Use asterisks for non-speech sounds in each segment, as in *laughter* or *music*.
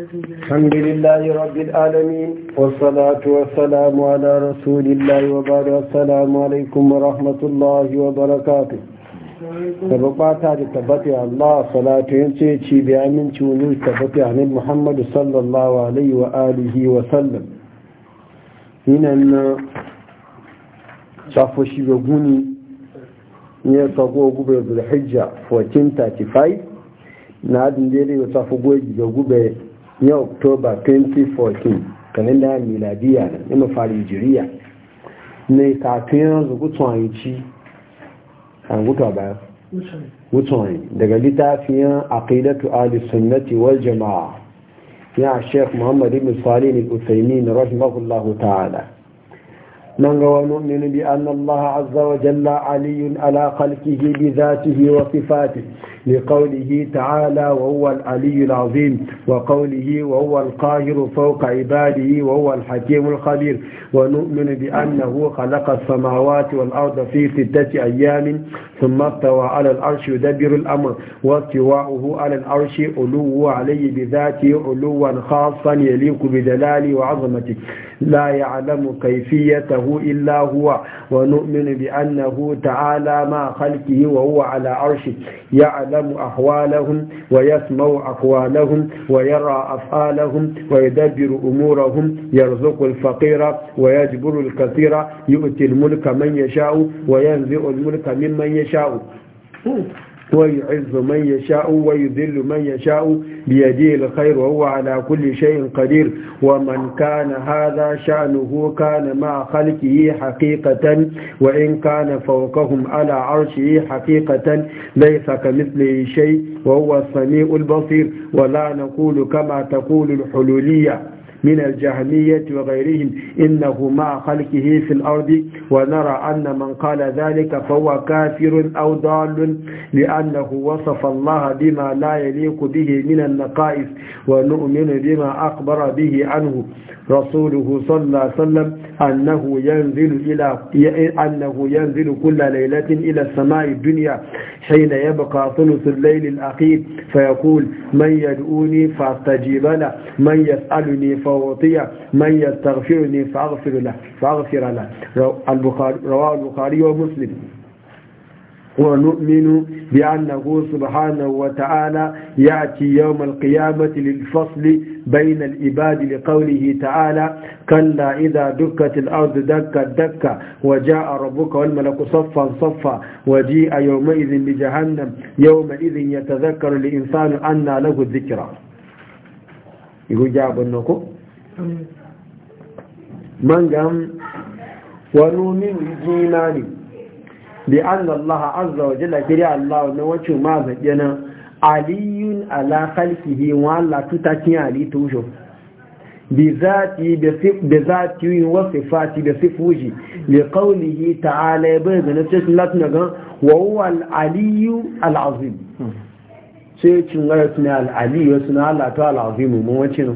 الحمد لله رب العالمين والصلاة والسلام على رسول الله وبعد السلام عليكم ورحمة الله وبركاته tabbata da tabbata Allah salatu yace ci bi aminci wani tabbata ne Muhammad sallallahu alaihi wa alihi wa sallam hinan safo shi ga guni ne sako gube Zulhijja 1435 na adin dare ya safo goyi ga gube ya oktoba 2014 kalenda miladiya na nima fari jiriya ne kafin rubutun ayici a rubutu a bayan wutan daga littafiyan aqidatu ahli sunnati wal jama'a ya sheikh muhammadu ibn salih al-uthaymin rahimahullahu ta'ala من ونؤمن بأن الله عز وجل علي على خلقه بذاته وصفاته لقوله تعالى وهو العلي العظيم وقوله وهو القاهر فوق عباده وهو الحكيم الخبير ونؤمن بأنه خلق السماوات والأرض في ستة أيام ثم استوى على العرش يدبر الأمر واستواؤه على العرش علو عليه بذاته علوا خاصا يليق بجلاله وعظمته لا يعلم كيفية إله إلا هو ونؤمن بأنه تعالى مع خلقه وهو على عرشه يعلم أحوالهم ويسمع أقوالهم ويرى أفعالهم ويدبر أمورهم يرزق الفقير ويجبر الكثير يؤتي الملك من يشاء وينزع الملك ممن يشاء ويعز من يشاء ويذل من يشاء بيده الخير وهو على كل شيء قدير ومن كان هذا شأنه كان مع خلقه حقيقة وإن كان فوقهم على عرشه حقيقة ليس كمثله شيء وهو السميع البصير ولا نقول كما تقول الحلولية من الجهمية وغيرهم إنه مع خلقه في الأرض ونرى أن من قال ذلك فهو كافر أو ضال لأنه وصف الله بما لا يليق به من النقائص ونؤمن بما أخبر به عنه رسوله صلى الله عليه وسلم أنه ينزل, إلى أنه ينزل كل ليلة إلى السماء الدنيا حين يبقى ثلث الليل الأخير فيقول من يدعوني فاستجيب له من يسألني فاستجيب فأعطي من يستغفرني فأغفر له فأغفر له رواه البخاري ومسلم ونؤمن بأنه سبحانه وتعالى يأتي يوم القيامة للفصل بين العباد لقوله تعالى كلا إذا دكت الأرض دكا دكا وجاء ربك والملك صفا صفا وجيء يومئذ بجهنم يومئذ يتذكر الإنسان أن له الذكرى يقول جابنكم Mangam wa wani min yi imani bi an Allah azza wa jalla kiri Allahu na wacce ma zaɓe na aliyun ala khalqihi wa la tutakin ali tujo bi zati bi zati wa sifati bi sifuji li qawlihi ta'ala bai ga na cikin latin ga wa huwa al aliyu al azim hmm. sai cin ga suna al aliyu suna Allah ta al azim mun wacce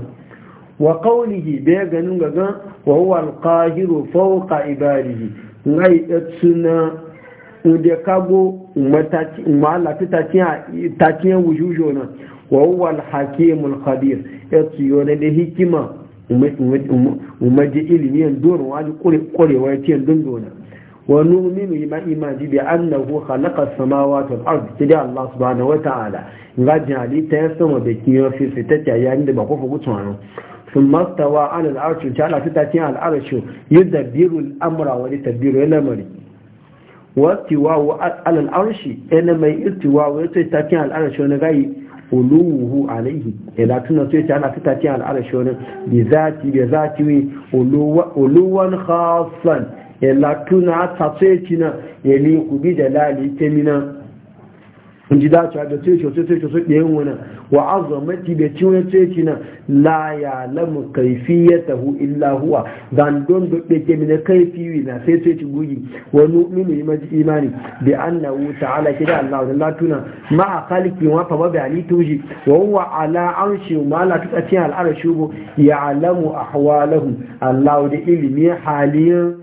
wa qawlihi be ganin ga wa huwa al-qahiru fawqa ibadihi ngai tsuna ude kago mataki mala titakiya wujujo na wa huwa al khabir tsiyo da hikima umaji ilimi yan don waji korewa ya ce don dona wa nu'minu ma imaji bi annahu khalaqa as-samawati wal ardi sai Allah subhanahu wa ta'ala ngaji halitta ya sama da kiyo fi yayin da ba ko fugu tsano sun mastawa an al'arci ta ala ta cin al'arci yi dabiru al'amura wani tabiru ya lamari wastiwawo al'arci yana mai istiwawo ya ta cin al'arci wani gayi uluwuhu alaihi ila tuna sai ta ala ta cin al'arci wani bi zati bi zati wi uluwan tuna ta sai cina in ji dace da sai shi sai shi ɗaya wani wa azamati da ciwon sai shi na la ya lamu kaifi ya tahu illa huwa dan don da ke mina kaifi na sai sai shi gugi wa yi maji imani Da annahu ta'ala da Allah wa la tuna ma a kalikin wa fa ba ali tuji wa huwa ala shi ma la tutati al arshi ya alamu a hawalahu Allah da ilimi haliyan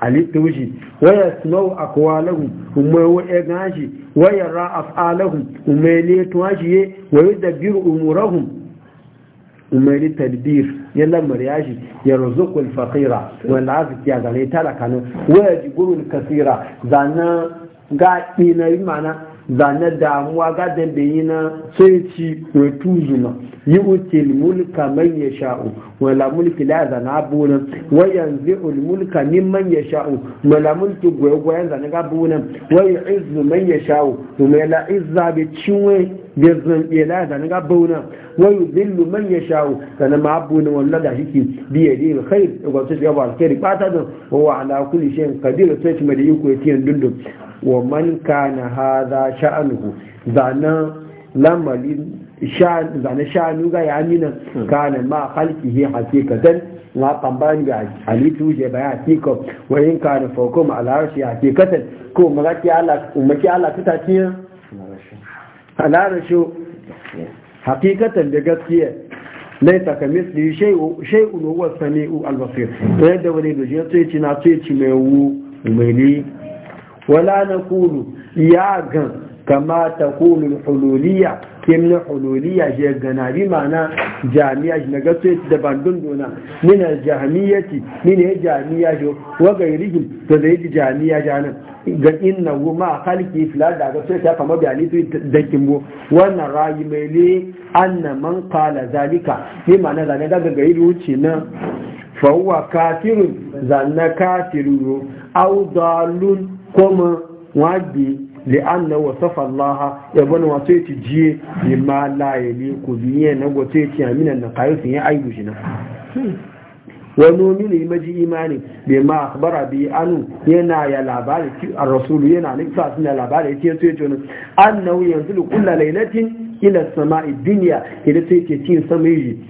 ali tuji wa a kowalahu kuma ya gashi wayara af'alahum umayli tuwajiye wa yudabbiru umurahum umayli tadbir ya lamar yashi ya ruzuku al-faqira wal azki ya gare talakanu wa yajburu al-kathira zana ga dinayi mana zane damuwa gadon da yi na sai ci wetu zuma yi wuce mulka man ya sha'u wala mulki la zana abunan wayan zi'ul mulka min man ya sha'u wala mulki gwaye-gwayen zane gabunan wayan izu man ya sha'u wala izza bi cinwe bezan ila da na bauna wayu zillu man yashau kana ma abuna wallahi da shiki bi yadi alkhair wa tajaba alkhair bata da wa ala kulli shay'in qadir sai kuma da ya yake dundun wa man kana hadha sha'anuhu zana lamali sha'an zana sha'anu ga yamina kana ma khalqihi hakikatan na tambani ga halittu je baya hakika wa in kana fawkum ala arshi hakikatan ko malaki Allah umaki Allah ta al'ada shi hakikatan da gaskiya laita ka misli shay'un huwa sami'u al albasir to yadda wani da jiya to na to ci mai wu mai ni wala kulu ya gan kama ta kulun hululiya kemin huloliya shi ganari mana jami'a shi na gaske da bandun dona nina jami'ati nina ya jami'a shi waga rigin da zai ji jami'a shi nan ga inna goma a kalki fila da gaso ta kama bayani su da kimbo wannan rayu mai le anna man kala zalika ne mana zane daga gari wuce na fawwa kafirun zanna kafiru au dalun kuma wabi li'anna wasafa Allah ya bani wato ya tijiye bi ma la ya li ku biye na goto ya tiya minan na kayo sun yi aibu shi na wa nominu imaji imani bai ma akhbara bi anu yana ya labari a rasul yana ne sa sun labari su to yace ne annahu da kullu lailatin ila samai dunya idan sai ke cin sama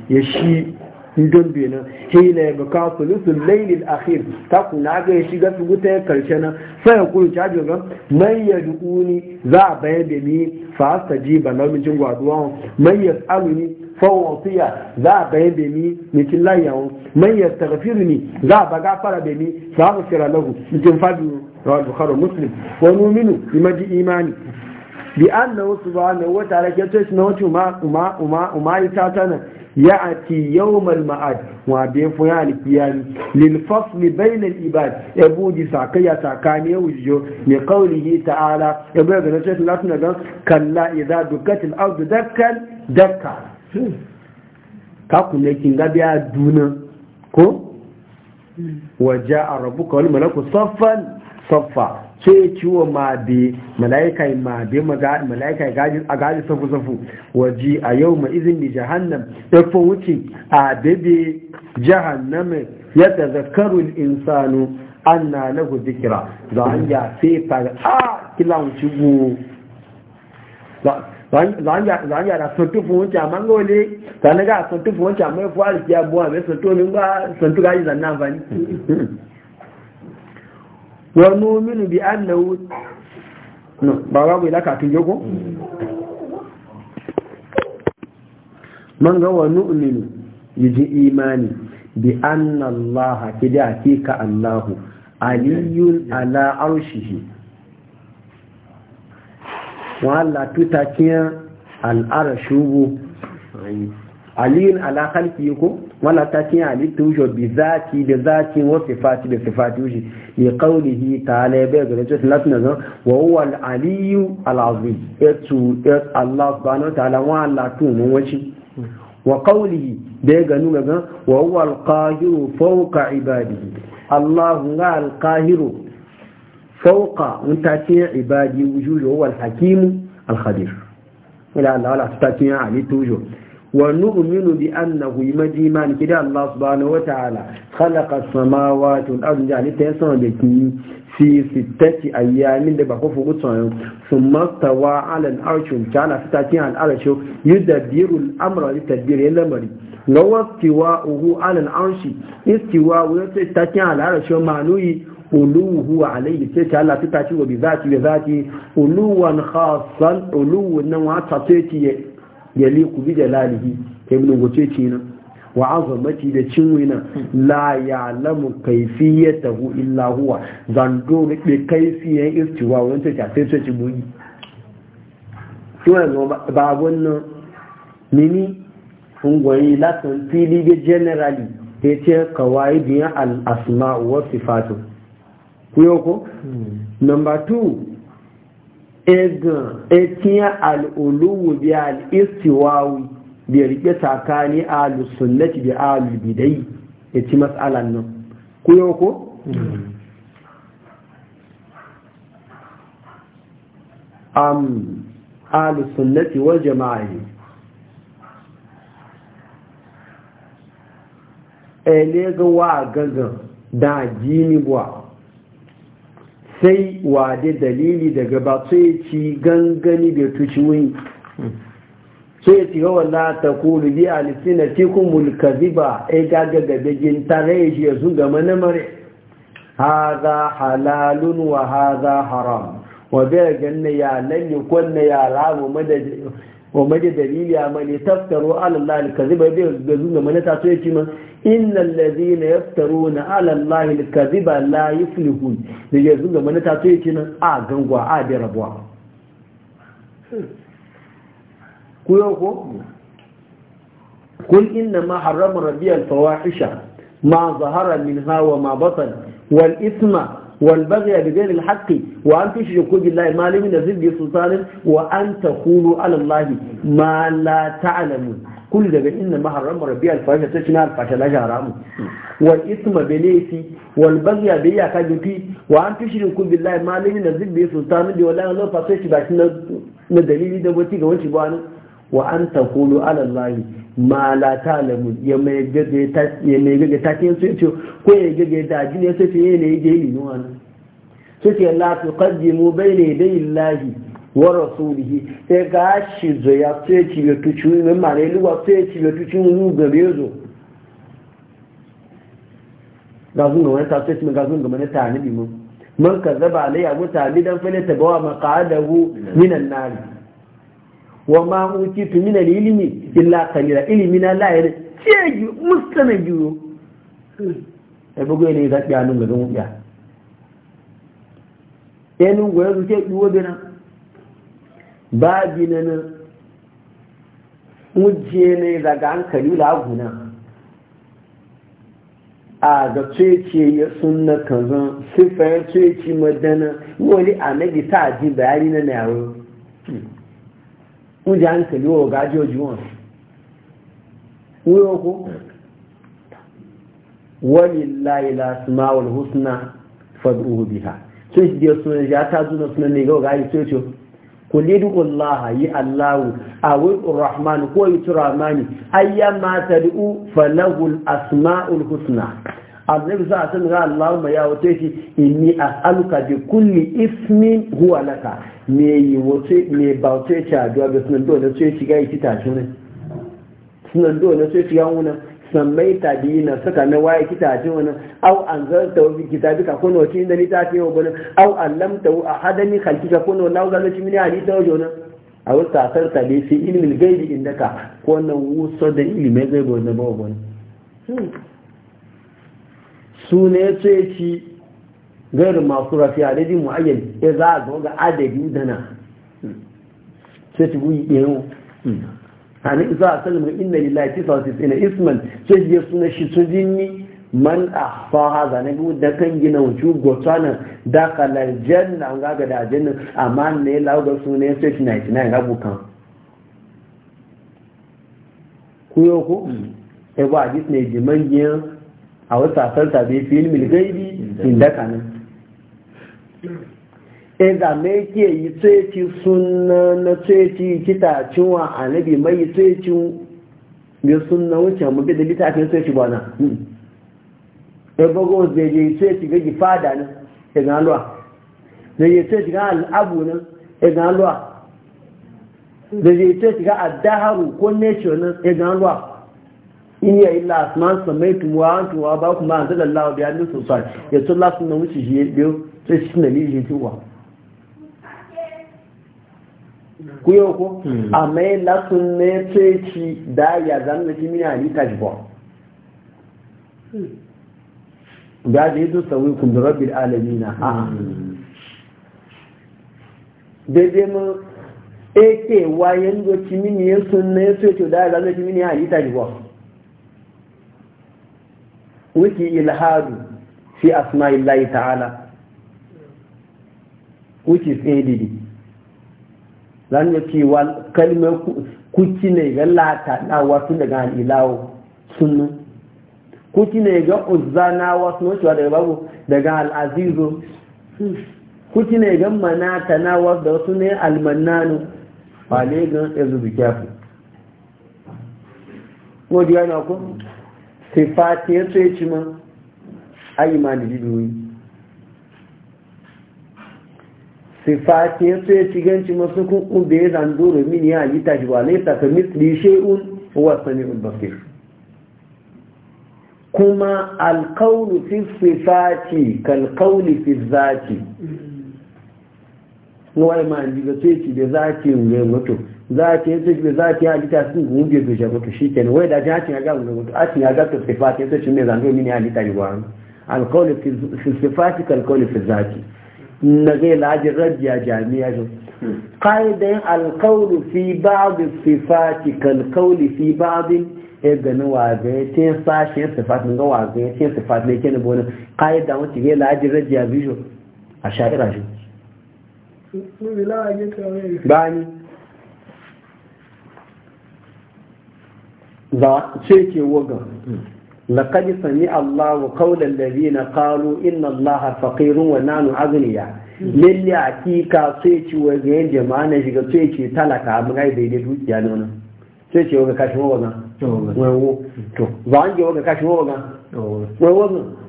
ya shi don benin hila ya buka sulusun lailin akhir ta kuna ga ya shiga su wuta ya karshe nan sai ya kuru ta jirga mai ya duƙuni za a bayar da ni fasta ji ba namijin gwaduwa mai ya tsaluni fawon wasiya za a bayar da ni mikin layawo mai ya tafiru ni za a baga fara da ni za a fira lagu mikin fadi rawar bukharu muslim wani minu imaji imani bi an na wasu ba na wata rake to shi na wata umar umar umar umar ta tana ya'ati yawmal ma'ad wa be fu ya alkiyami lil fasl bayna al ibad yabu di sakaya sakani wujo ni qawlihi ta'ala yabu ga na sai latin ga kalla idza dukat al ardu dakkan dakka ka kunne kin ga biya duna ko waja'a rabbuka wal malaku saffan saffa sai ciwo ma be malaika ma be malaika gaji a gaji safu safu waji a yau ma izin da jahannam fi wuce a bebe jahannam ya tazakaru insanu an na lagu zikira za an ya sai fara a kila wuce go za yi ya da santu fi wuce amma ga wale na ga santu fi wuce amma ya fi wa rikiya buwa mai santu ne ba santu gaji zanna amfani wa nu'minu bi annahu no ba babu ilaka tun jogo man ga wa nu'minu yaji imani bi anna Allah kida hakika Allahu aliyun ala arshihi wa la tutakiya al arshubu aliyun ala halki ko wala ta cin halitta wuce bi zati da zati wa sifati da sifati wuce ne kaulihi ta ala bai ga rajin latin da zan wa huwa aliyu al'azmi etu er, allah subhanahu ta'ala wa allah tun mun wace wa kaulihi da ya ganu ga zan wa huwa alqahiru fawqa ibadihi allah ga alqahiru fawqa mutakin ibadi wujuhu wa huwa alhakimu alkhadir ila allah wala ta cin ali wuce ونؤمن بأنه يمدي من كده الله سبحانه وتعالى خلق السماوات والأرض يعني تيسان بكي في ستة أيام من لبقوا فوقتهم ثم استوى على الأرش كان ستة على الأرش يدبر الأمر لتدبير الأمر لو استواءه على الأرش استواء ستة على الأرش معنوي uluhu alayhi sai ta Allah ta tace wa bi zati bi zati uluwan yaliku bi jalalihi ibn goceci na wa azamati da cinwina la ya lamu kaifiyatahu illa huwa zando be kayfiyan istiwa wannan ta sai sai ci buyi kiwa ba wannan nini ungoyi latin fili be generally ya ce kawai biyan al-asma wa sifatu kuyoko hmm. number 2 egan etiyan al'uluwu bi al'istiwawi bi rike tsakani alusunnati bi alubidai ya ci matsalan nan ku yau ko? am alusunnati wal jama'i ele ga wa gaga da jini buwa sai wade dalili daga ba yi ci gangani da tuci su yi ci hawa na ta kuru bi cikin tikun ziba ai gaga gaga gintare shi ya sun gama na mare za halalun wa za haram wa bai ganna ya lalle kwanna ya ramu wa maje dalili a mani taftaru alallahi kaziba bai ga zunga mana ta so yake man ya ladina yaftaruna alallahi kaziba la yuflihun da ya zunga mana ta so yake nan a gangwa a da rabuwa ku yau ko kul inna ma harrama rabbiyal fawahisha ma zahara min hawa ma batan wal isma والبغي بغير الحق وان تشركوا بالله ما لم ينزل به سلطان وان تقولوا على الله ما لا تعلمون كل ده ان ما حرم ربي الفاحشة تشنا الفاحشة لا حرام والإثم بليسي والبغي بيا كجتي وان تشركوا بالله ما لم ينزل به سلطان ولا لو فاتش باش ندليل ده وتيجا بوانو wa an ta kulu alallahi ma la ta lamu ya mai gaga ta ke sai ce ko ya gaga da ji ne sai ce eh, ya ne ya yi nuwa nan sai ce la tu qaddimu bayna yaday illahi wa rasulihi sai ga shi zoya sai ce ya tuci mun ma ne luwa sai ce ya tuci mun gabe zo ga ga wani ta sai ga sun ga mana ta nabi mun man kazzaba alayya mutalidan falata bawa maqadahu minan nar wa ma utitu min al-ilmi illa qalila ilmi na la yana ceji mustana juro e bugo ne ga ya nun ga dun e, ya e nun go yanzu ce duwo bina ba bina na mujje ne daga an la guna a ga cece ya sunna kazan sifar cece madana wani annabi ta ji bayani na yaro oúnjẹ à ń tẹ̀lé ọ̀gá jẹ́ ojú wọn wúrọ̀ kó wọ́n lè láyé lásìmá olùhúsùnà fọ́dún òhù bí ti di ọ̀sùn ẹ̀jẹ̀ àtàzùnà sùnà lè ọ̀gá yìí tó tó kò lè dùn ọláhà yìí aláwù àwọn rahman kó yìí annabi za a sanar Allahumma wato inni kulli ismin huwa me yi wace me ba ce ci addu'a ga sunan dole sai shiga yi tashin ne sunan dole sai shiga wuna sammai na saka na waye kitacin wuna au an zarta ki kitabi ka kono ci inda ni ta ce wa bana au ni wa ahadani khalqika na law ga ci mini ni ta na? a wata asar tabi fi ilimin gaibi inda ka ko na wuso da ilimin zai wanda ba wani hmm. su ne ce ci gairin masu rafi adadin mu'ayyan ya za a ga adadi dana sai ci guyi ɗaya a nan isa a salmar inna lillahi tisa wasu tsina isman sai je suna shi su jinni man a faha zane gudu da kan gina wuce gwata da dakalar janna an gaga da janna amma ne lauga su ne sai shi 99 ga bukan kuyo ko ya ba a disney jiman giyan a wata sarta bai fi ilmi gaibi inda kanan Eza eh, mai ke yi tsoyaci suna na tsoyaci kita cinwa a nabi mai yi tsoyaci mai suna wuce mu da littafin tsoyaci ba na. Hmm. Ebogo eh, zai yi tsoyaci gaji fada na ina lwa. yi ga al'abu na yi tsoyaci ga addaharu ko nature na ina in ya illa samaitu wa ba kuma an zalla ya wuce shi sai shi na lije jiwa ku yau ko a mai latin ne sai ci da ya zan da kimi na halitta shi ba hmm. ga da yi dusa wuyi kun da alami na ha hmm. daidai mun ake wayan da kimi ne ya sun ne sai da ya zan da kimi na halitta shi ba wuki ilhadu fi asma'illahi ta'ala which is ADD zan ya ce wa kalmar kuci ne ga lata na wasu daga al'ilawo sunnu kuci ne ga uzza na wasu wacewa daga babu daga al'azizo kuci ne ga manata na wasu da wasu ne almannanu ba ne ga yanzu kyafi? ko diya na ku sifati ya tsaye ci ma ayi ma da jidoyi sifati ya ci ganci masu kun da ya zan zando domin ya yi tashi ba laisa ka misli shay'un huwa sami'ul basir kuma alkaunu fi sifati kalkauni fi zati wai ma ji ga tsaye ci da zati ne mutu zaki ya da zaki ya halitta sun gunge su shi mutu shi kenan wai da ji jihacin ya ga mutu a ya ga sifati ya tsaye ne zando domin ya halitta shi ba alkaunu fi sifati kalkauni fi zaki na zai lajin rabiya jami'a shi ƙa'idan alkaulu fi ba'adun sifati kalkauli fi ba'adun e ya gani sashen sifatin ga wagaye ta yin sifatin ya bonin ƙa'idan wacce zai a sha'ira shi bani za ce ke wagan لقد سمع Allahu قول الذين قالوا إن الله فقير ونحن أغنياء lalle a kika sai ci wa ga yin jama'a na shiga sai talaka abin dukiya ne wannan sai ci wa ga kashin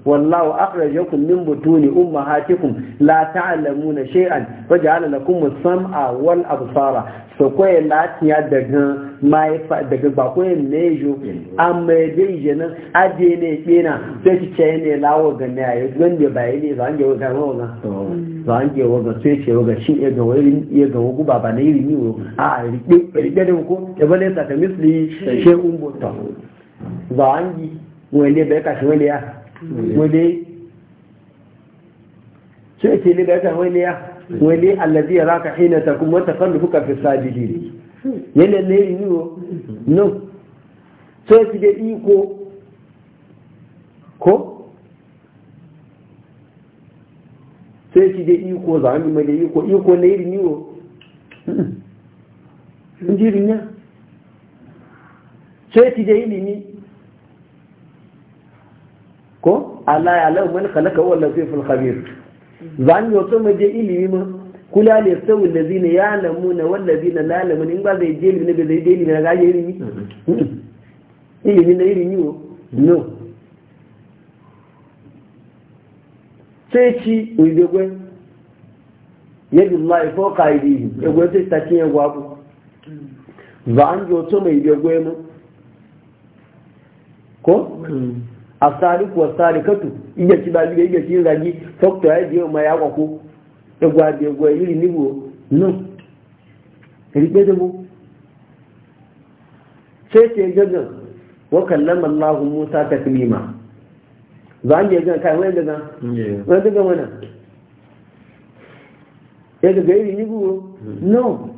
wallahu أخرجكم min بطون أمهاتكم لا تعلمون شيئا فجعل لكم as والأبصار wal absara so koy daga mai daga ba koy nejo amai dai jena ade ne kina sai ki ce ne lawo ga ne bai ne zan je ga to zan je ga sai ce ga shi ya ga wai ya ga wugu baba ne iri ni wo a rike rike da ko ya bale ta misli shay'un zan yi wani bai ka shi wani ya wale sai ke ne da yasa ya wale allazi yaraka hina takum wa tafarruka fi yana ne yi yo no sai ki da iko ko sai ki da iko za mu mai iko iko ne yi yo injirin ya sai ki da ilimi ko ala ya lau man khalaka wa al-latiful khabir zan yo to mu je ilimi kula ne sau allazina ya'lamuna wal ladina la ya'lamun in ba zai je ilimi ne zai je ilimi na gaje ilimi hmm. ilimi na ilimi wo no sai ci uidegwe yadda Allah ya foka yi egwe sai ta cinye gwabu zan yo to mai gwe mu ko hmm. asaliku wasalikatu iya ci ba biga iya ci zagi fokta ya biyo ma ya kwako ya gwa biyo gwa iri nibo no rike da mu ce ce gagan wa kallama Allah Musa taklima za mu ga kai wani daga wani daga wani ya ga iri nibo no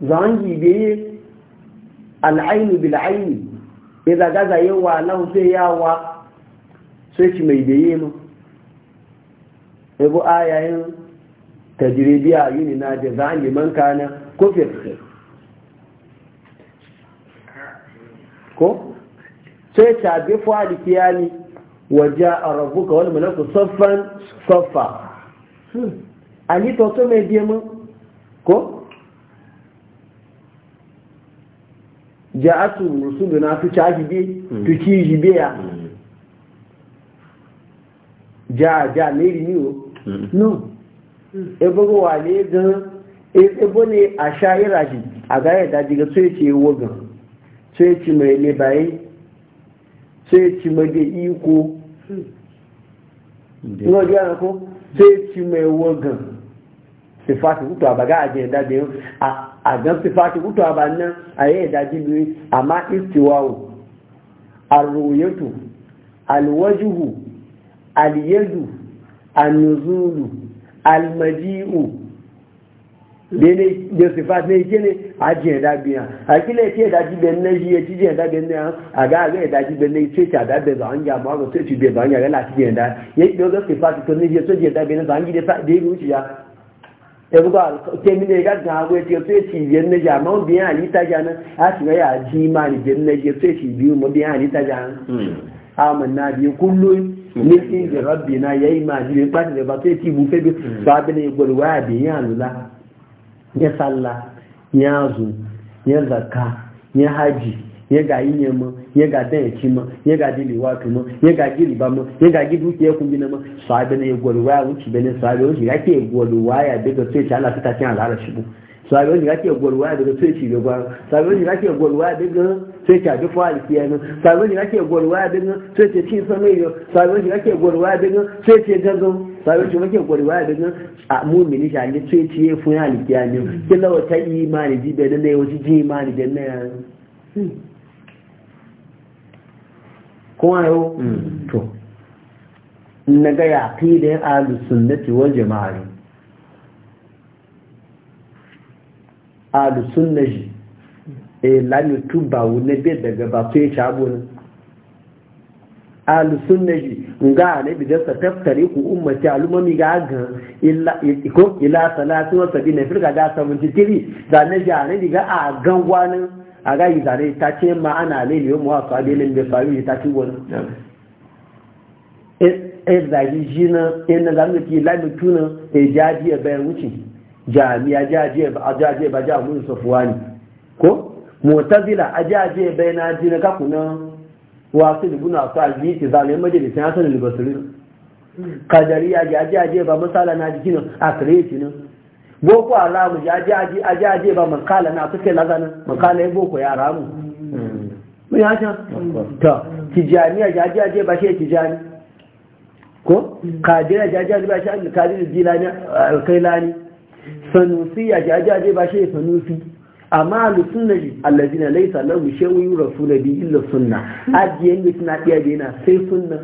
zangi beye al'ainu bil aini idza gaza yawa lahu sai yawa sai ci mai da yema ebo ayayin tajribiya yuni na da zani man kana kufir ko sai ta bi fali kiyani waje a rabuka wani malaku saffan saffa hmm. ali to to mai biye mu? ko ja'atu rusuluna tu chajibe tu mm. chijibe ya mm. ja ja leri ni o mm. no ebogo wa le gan e, ebo ne ashaira e ji agaye ya da diga so yace wo gan so yace mai le bai e, so yace mai iko. iko no dia ko so yace mai wo gan sifatu to abaga ajenda de a a gan sifati mutu a nan a yi daji biyu amma istiwawu arroyatu alwajuhu aliyadu annuzulu almaji'u da sifati ne ke ne a ji yada biya a kila ke daji biyan na shi ya ci ji yada biyan na a ga ga yada ji biyan na ce ta da biyan zan ya ma ga ce ci biyan zan ya ga lati biyan da ya ki ga sifati to ne ya so ji yada biyan zan ya da ya wuce ya yanzu ba ke mine ga ga hagu ya ce sai ci biyar na ja man ali halitta ja nan a shiga ya ji ma ni biyar na ja sai ci biyu ma biyan halitta ja nan amin na bi kullum hmm. ni fi da rabbi na yayi ma ji bin kwata da ba sai ci bu febi hmm. ba bi ne gwalwa ya biyan lula ya sallah ya zu ya zakka ya haji ye ga yinye mu ye ga dan yaci mu ye ga dili watu mu ye ga giri ba mu ye ga gidu ke kun gina mu sahabe ne gwal waya wuci bane sahabe wuci ga ke waya daga sai ta Allah ta tin alhala shi bu sahabe ga ke waya daga sai ci gaba sahabe wuci ga ke gwal waya daga sai ne sahabe wuci ga ke waya daga sai ta ci sama yo sahabe wuci ga ke gwal waya daga sai ta gazo sahabe wuci ga ke gwal waya a mu'mini shi e ne sai ci fun alkiya ne kila wata imani jibe ne ne wuci ji imani da kuma yau mm. to na ga ya fi da yin alu sunnati wal jama'a alu sunnaji e eh, lami tuba wune bai daga ba su ya shabu ne na sunnaji nga ne bi dasa taftare ku ummati alumami ga ga ila salatu bi na firka da 73 da na ja ne ga a gangwanin a ga izare ta ce ma ana lele yau muwa su abelin da faru ta ci wani ɗaya e, e zagi ji na ɗaya e zamu ki lami tuna ya jajiya bayan wuce jami'a jajiya ba a jajiya ba ja mun safuwa ne ko mutazila a jajiya bayan na ji na kaku na wasu libuna su hmm. a ji ta zalai majalisa ya sanar libasirin kadari a jajiya ba masala na jikinan a kare shi boko alamu ya ji aji aji aji ba makala na suke lazanin makala ya boko ya ramu mun ya ta ta tijani ya ji aji ba shi tijani ko kadira ya ji aji ba shi kadira jilani kailani sanusi ya ji aji ba shi sanusi amma alusunna ji allazina laysa lahu shay'un yurasulu biyu illa sunna ajiyen mutuna diya dina sai sunna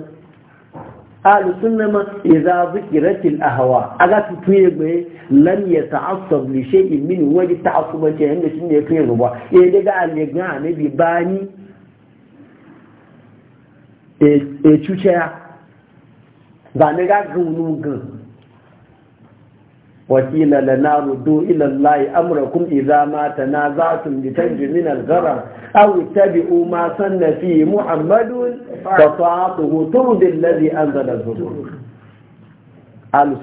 ahlu sunna ma idza zikirat ahwa aga tuye gbe lam yata'assab li shay'in min waji ta'assuba ce yanda shine ya kai ruwa eh daga allega ne bi bani eh eh cuce ga ne ga gunu gan wakila la naru du ila Allah amrakum idza ma tanazatum bi tanji min al-gharar aw tabi'u ma sanna fi Muhammadun fa ta'atuhu turdi alladhi anzala zubur al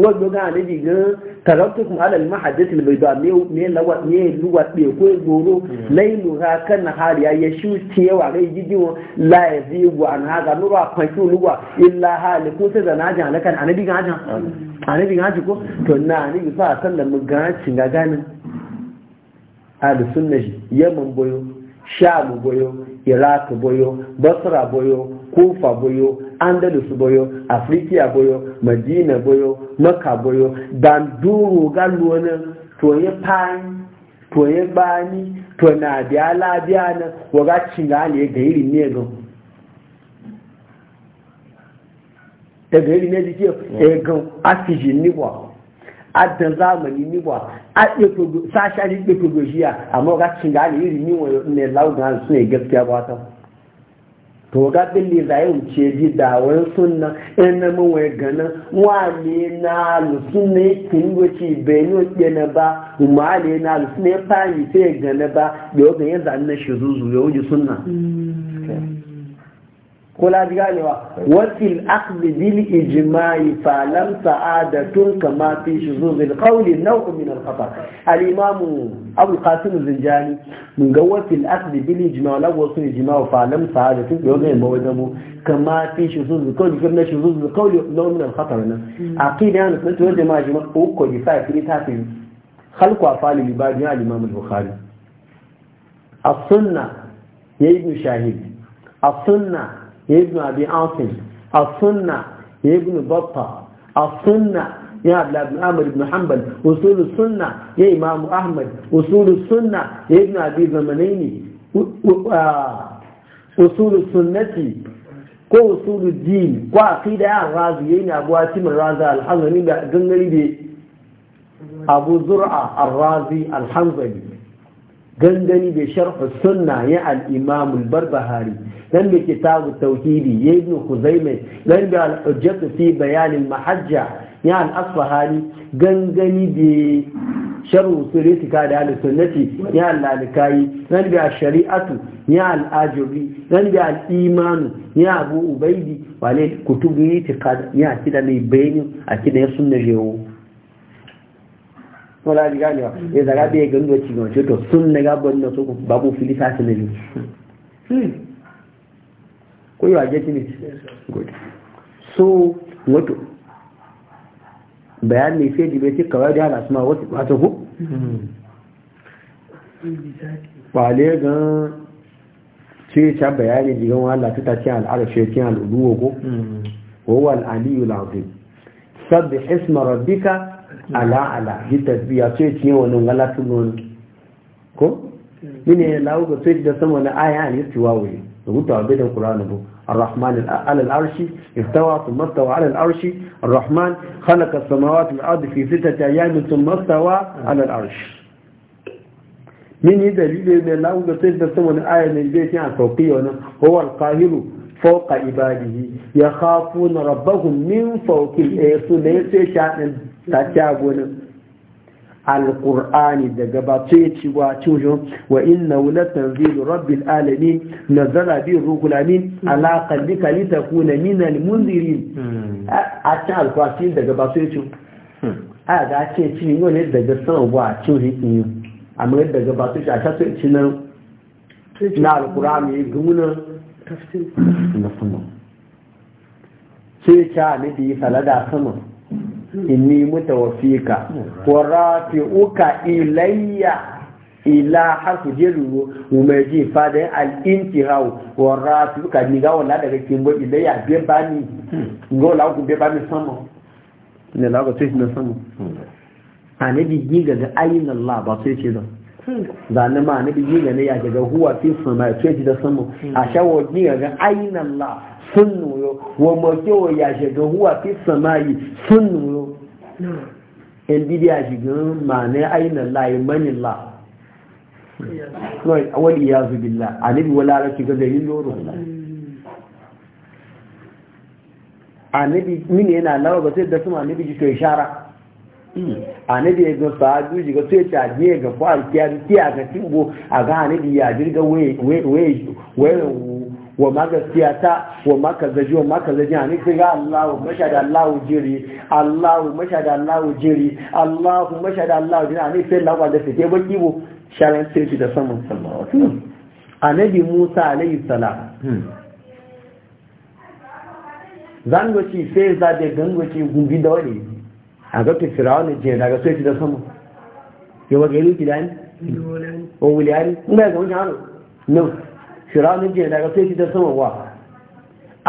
wọ́n gbọ́n àníbi gan kàrọ́tùkùn alàlì mahajjẹ́tì lèbèdò àmì ìlúwàpẹ̀ kó ìgboro mm. lẹ́yìn lùra kánà wà rẹ̀ jíjí wọn láìsí ìwà àhàgà olúwa kó náà jàn alẹ́kàn àníbi gan jàn àníbi gan jù kó tó náà àníbi fà mu gan cin gaga ni alùsùn náà yẹmọ̀ bọ́yọ̀ ṣáàmù basra bọ́yọ̀ kofa goyo, andalus goyo, afirkiya goyo, madina goyo, maka boyo danduru ga wani toye pani toye bani to na biya labiya na waga cinga ne ga iri ne ga daga iri ne jike egan asiji niwa adan zamani niwa a ɗefe sashen ɗefe gojiya amma waga cinga ne iri niwa ne lauga su ne gaskiya ba ta porque a beleza é wuce ji da wani sunna in na mun wai gana wale na lusun ne kin wuce beno na ba wale na lusun ne fani sai gana ba da yau ga yanzu an na shi zuzu ya wuce sunna hmm. ko laji ganewa wasil akhdhi bil ijma'i fa lam sa'adatun kama fi shuzuzil qawli naw'un min al khata al imam abu qasim zinjani mun ga wasil akhdhi bil ijma'i la wasu ijma'u fa lam sa'adatun yau ne ba wajen mu kama fi shuzuzil qawli fa na shuzuzil qawli naw'un min al khata nan aqida ne sun to jama'a jama'a ko ko fa kiri ta fi khalqu afali ibadi al imam al bukhari as-sunnah ya shahid as-sunnah ya ibn abi asim as-sunna ya ibn battah as-sunna يا عبد الله بن عمر بن حنبل وصول السنة يا إمام أحمد وصول السنة يا ابن zamanaini زمنيني وصول السنة ko usulu din ko aqida ya razi yayin abu atim razi al-hanzali da gangari da abu zur'a ar-razi al-hanzali gangani da sharh sunna ya al-imam al-barbahari nan da kitabu tauhidi ya ibn kuzaimai nan da al'ujjatu fi bayanin mahajja ya asfahani, gangani da sharu suritika da al-sunnati ya al-lalikayi nan da shari'atu ya al-ajuri nan da al-imanu ya abu ubaidi wale kutub ni itiqad ya kida mai bayani a kida ya sunna jewo wala ji gani ya zaga bai gando ci gaba to sunna ga bonna so babu filisa sunna ne ko yi wage ne good so wato bayan mai fiye jibe ce kawai da hana suna wasu wata ku kwale gan ce ta bayanin jigan wala ta ta ce al'arashe ce al'uduwa ko wawa al'aliyu lafi sabbi isma rabbika ala ala ji tasbiya ce cinye wani galatun wani ko mine lawo ga sai da sama na aya ne tiwawe da hutawa na kuranu الرحمن على العرش استوى ثم استوى على العرش الرحمن خلق السماوات والأرض في ستة أيام ثم استوى على العرش من يدليل أن الله قد تسمى الآية من البيت عن يعني هو القاهر فوق عباده يخافون ربهم من فوق الإيس ليس شأن تتعبون alƙur'ani daga bace ta yi cewa cewa wa inna wulatan zilu rabbil alami na zara bi rukulami alaƙar dika lita kuna nina munziri hmm. a can alƙwasi daga bace ci, cewa hmm. a ga ce ci yi wani daga san abu a cin rikin yi a yadda daga ba ta yi a ta ci nan na alƙur'ani gumunan tafsir na sama sai ya ci a nabi salada sama inni mutawaffika wa rafi'uka ilayya ila hasu jeru umar ji fadin al-intihau wa rafi'uka ni ga wala daga kimbo ilayya be bani ngo la ku be bani samo ne la ko tsi na samo bi giga ga ayin Allah ba sai ce da ne ma bi giga ne ya ga huwa fi sama sai ce da samo hmm. a shawo giga ga ayin Allah sunu yo wa moke wa ya shiga huwa fi samayi sun nuno in bidiya shiga ma'ana ainihin layi manin la wani ya zubi la a nabi wala rashi ga zai loro a nabi mini yana lawa ba sai da su ma nabi ji to ishara anabi ya ga sa'adu ta a ga a ga anabi ya wa ma gaskiya ta wa ma kazzaji wa ma kazzaji ani sai ga Allahu mashhadu Allahu jiri Allahu mashhadu Allahu jiri Allahu mashhadu Allahu jiri ani sai lawa da sai ba kibo sharan sai da saman sallallahu alaihi wasallam annabi Musa alaihi salam hmm. zangoci sai za da gangoci gumbi da wani a ga ta firawun jiya daga sai da saman Yau ga yi kidani o wuliyari in ga ga wani haro no firawun jiya daga sai shi ta sama wa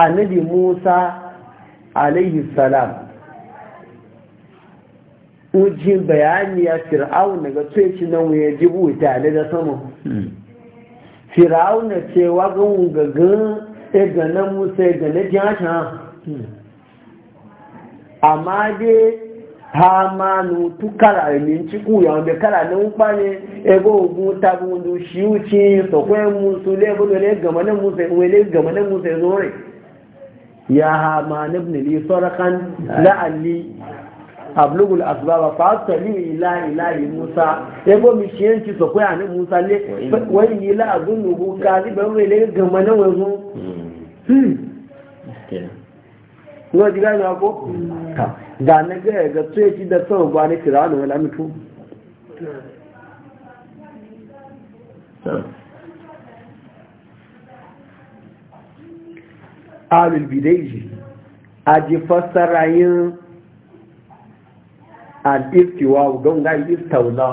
annabi musa alaihi salam ujin bayani ya firawun daga sai shi nan ya ji buta ne da sama hmm. firawun na cewa ga wungagan ya e na musa ya e gane jihashan hmm. amma dai hamanu tu kala ni chiku ya mbe kala ne upanye ego ogun tabundu shiuchi so kwe musu le bodo le gama ne musu wele gama ne musu zore ya haman ibn li sarakan la ali ablugul asbaba fa li ila ilahi musa ego mi shienchi so kwe ani musa le wani ila azunuhu kali ba wele gama ne wezu hmm, hmm. no ji gane ko ta ga na ga ga tsaye shi da tsawon ba ne kira da wala mutu alul bidaiji a ji fassara yin al-iftiwa don ga iftawla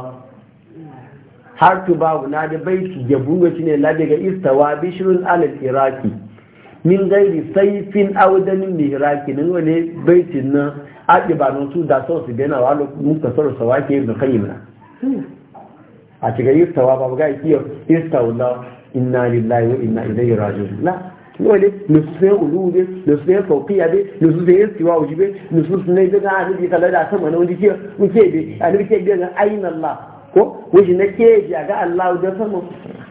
har tu babu na da baiti ya bunga shi ne la daga istawa bishirun alal iraki min gairi saifin audanin mihraki nan wani baitin nan ake ba nan su da sau su bena wa mun ka sarar sawa ke yin kai mana a cikin yistawa ba ga iya istawla inna lillahi wa inna ilaihi raji'un la wani nususai ulube nususai faukiya be nususai yastiwa ujibe nususai ne daga hadisi kala da sama na wani kiyar muke bi a nufi ke ga ainihin Allah ko wuce na keji a ga Allah da sama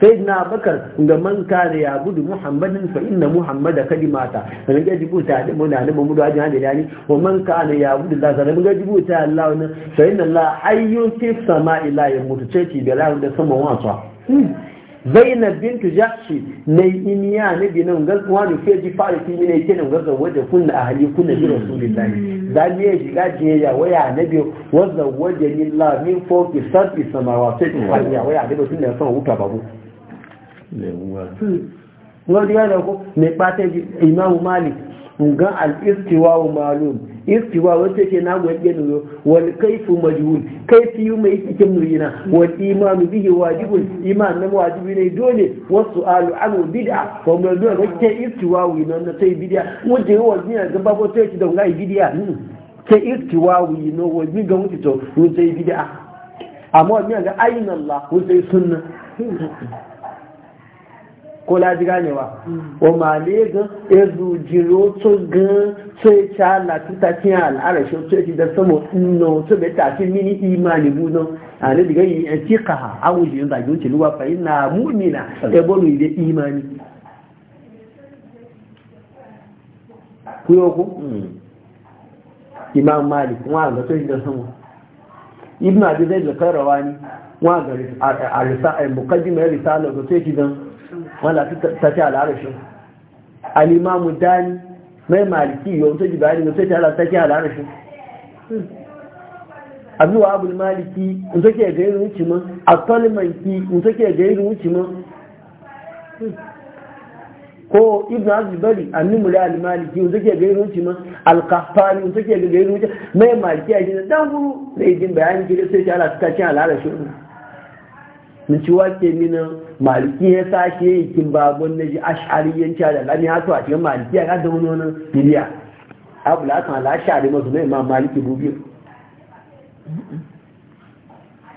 sai na bakar ga man kare ya gudu muhammadin fa inna muhammada kadi mata sanin gaji buta da mun da mun da hajin hadin yani wa man kare ya gudu da sanan ga jibuta Allah ne fa inna Allah ayyun fi sama'i la yamutu ceci da Allah da sama wasa hmm. zainab bintu jahshi na iniya na binan gazuwa da ke ji fara fi ne ke nan gaza da kunna a hali kunna bi rasulillahi hmm. za ni ya shiga jiye ya waya na biyu wanda wajen ni la min foki sabbi samawa sai ta fara ya waya da ba tun da san huta babu hmm. ngodi ya da ko ne pate imamu malik ngan al-istiwa malum istiwa wata ce na gwa yake nuno wal kaifu majhul kaifi yu mai cikin murina wal imanu bihi wajibun iman nan wajibi ne dole wasu alu anu bid'a ko mai dole wacce istiwa wi nan na sai bid'a wanda yawa zina ga babo sai ci da ngai bid'a ke istiwa wi no ga mutu to mun sai bid'a amma ga ayin Allah mun sai sunna ko laji ganewa mm. wa male gan ezu jiro to gan to e cha tuta ti ara arashi to e da samo no to be ta ti mini imani bu no ale diga yi e ti ka awu ji nda ju ti luwa fa ina mu'mina e ide imani mm. imam wa ga to e ibnu abi zaid al wa ga al-muqaddimah to dan wala su tafi al'arashin alimamu dani mai maliki yau ta jibari mai tafi ala al'arashin abuwa abul maliki in take ga irin wuce ma atalimanki in take ga irin wuce ma ko ibn azubari annimuli al-maliki in take ga irin wuce ma al-qahtani in take ga irin wuce mai maliki a jina dan guru yi jin bayani gida sai ta ala tafi al'arashin mun ci wake minan maliki ya sake yakin babun na ji ashari yanci da lami ya so a cikin maliki ya gada wani wani biliya abu la kan la shari masu na imam maliki bubiyo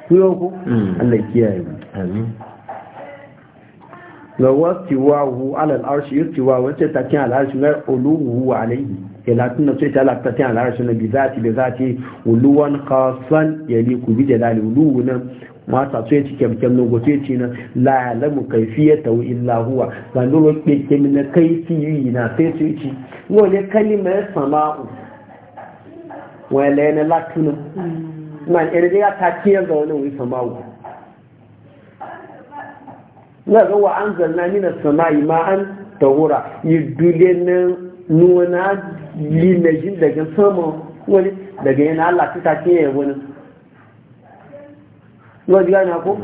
ku yau ku mm. Allah kiyaye mu amin ga wastiwahu ala al-arshi yastiwa wace takin al-arshi na uluhu alayhi ila tunna sai ta takin al-arshi na bi zati bi zati uluwan khasan yaliku bi jalali uluhu nan mata so ya ci kyamkyam na gote ce na la alamu kaifiyata wa illa huwa ga nuna kyamkyam na yi na sai su ci wani kalimar sama'u wani laye ne latuna man ɗaya ya ta kiyar ga wani wani sama'u na ga wa an zanna mina sama'i ma an tahura yi dule na nuna linajin daga sama wani daga yana Allah ta kiyar wani yau ji gane ko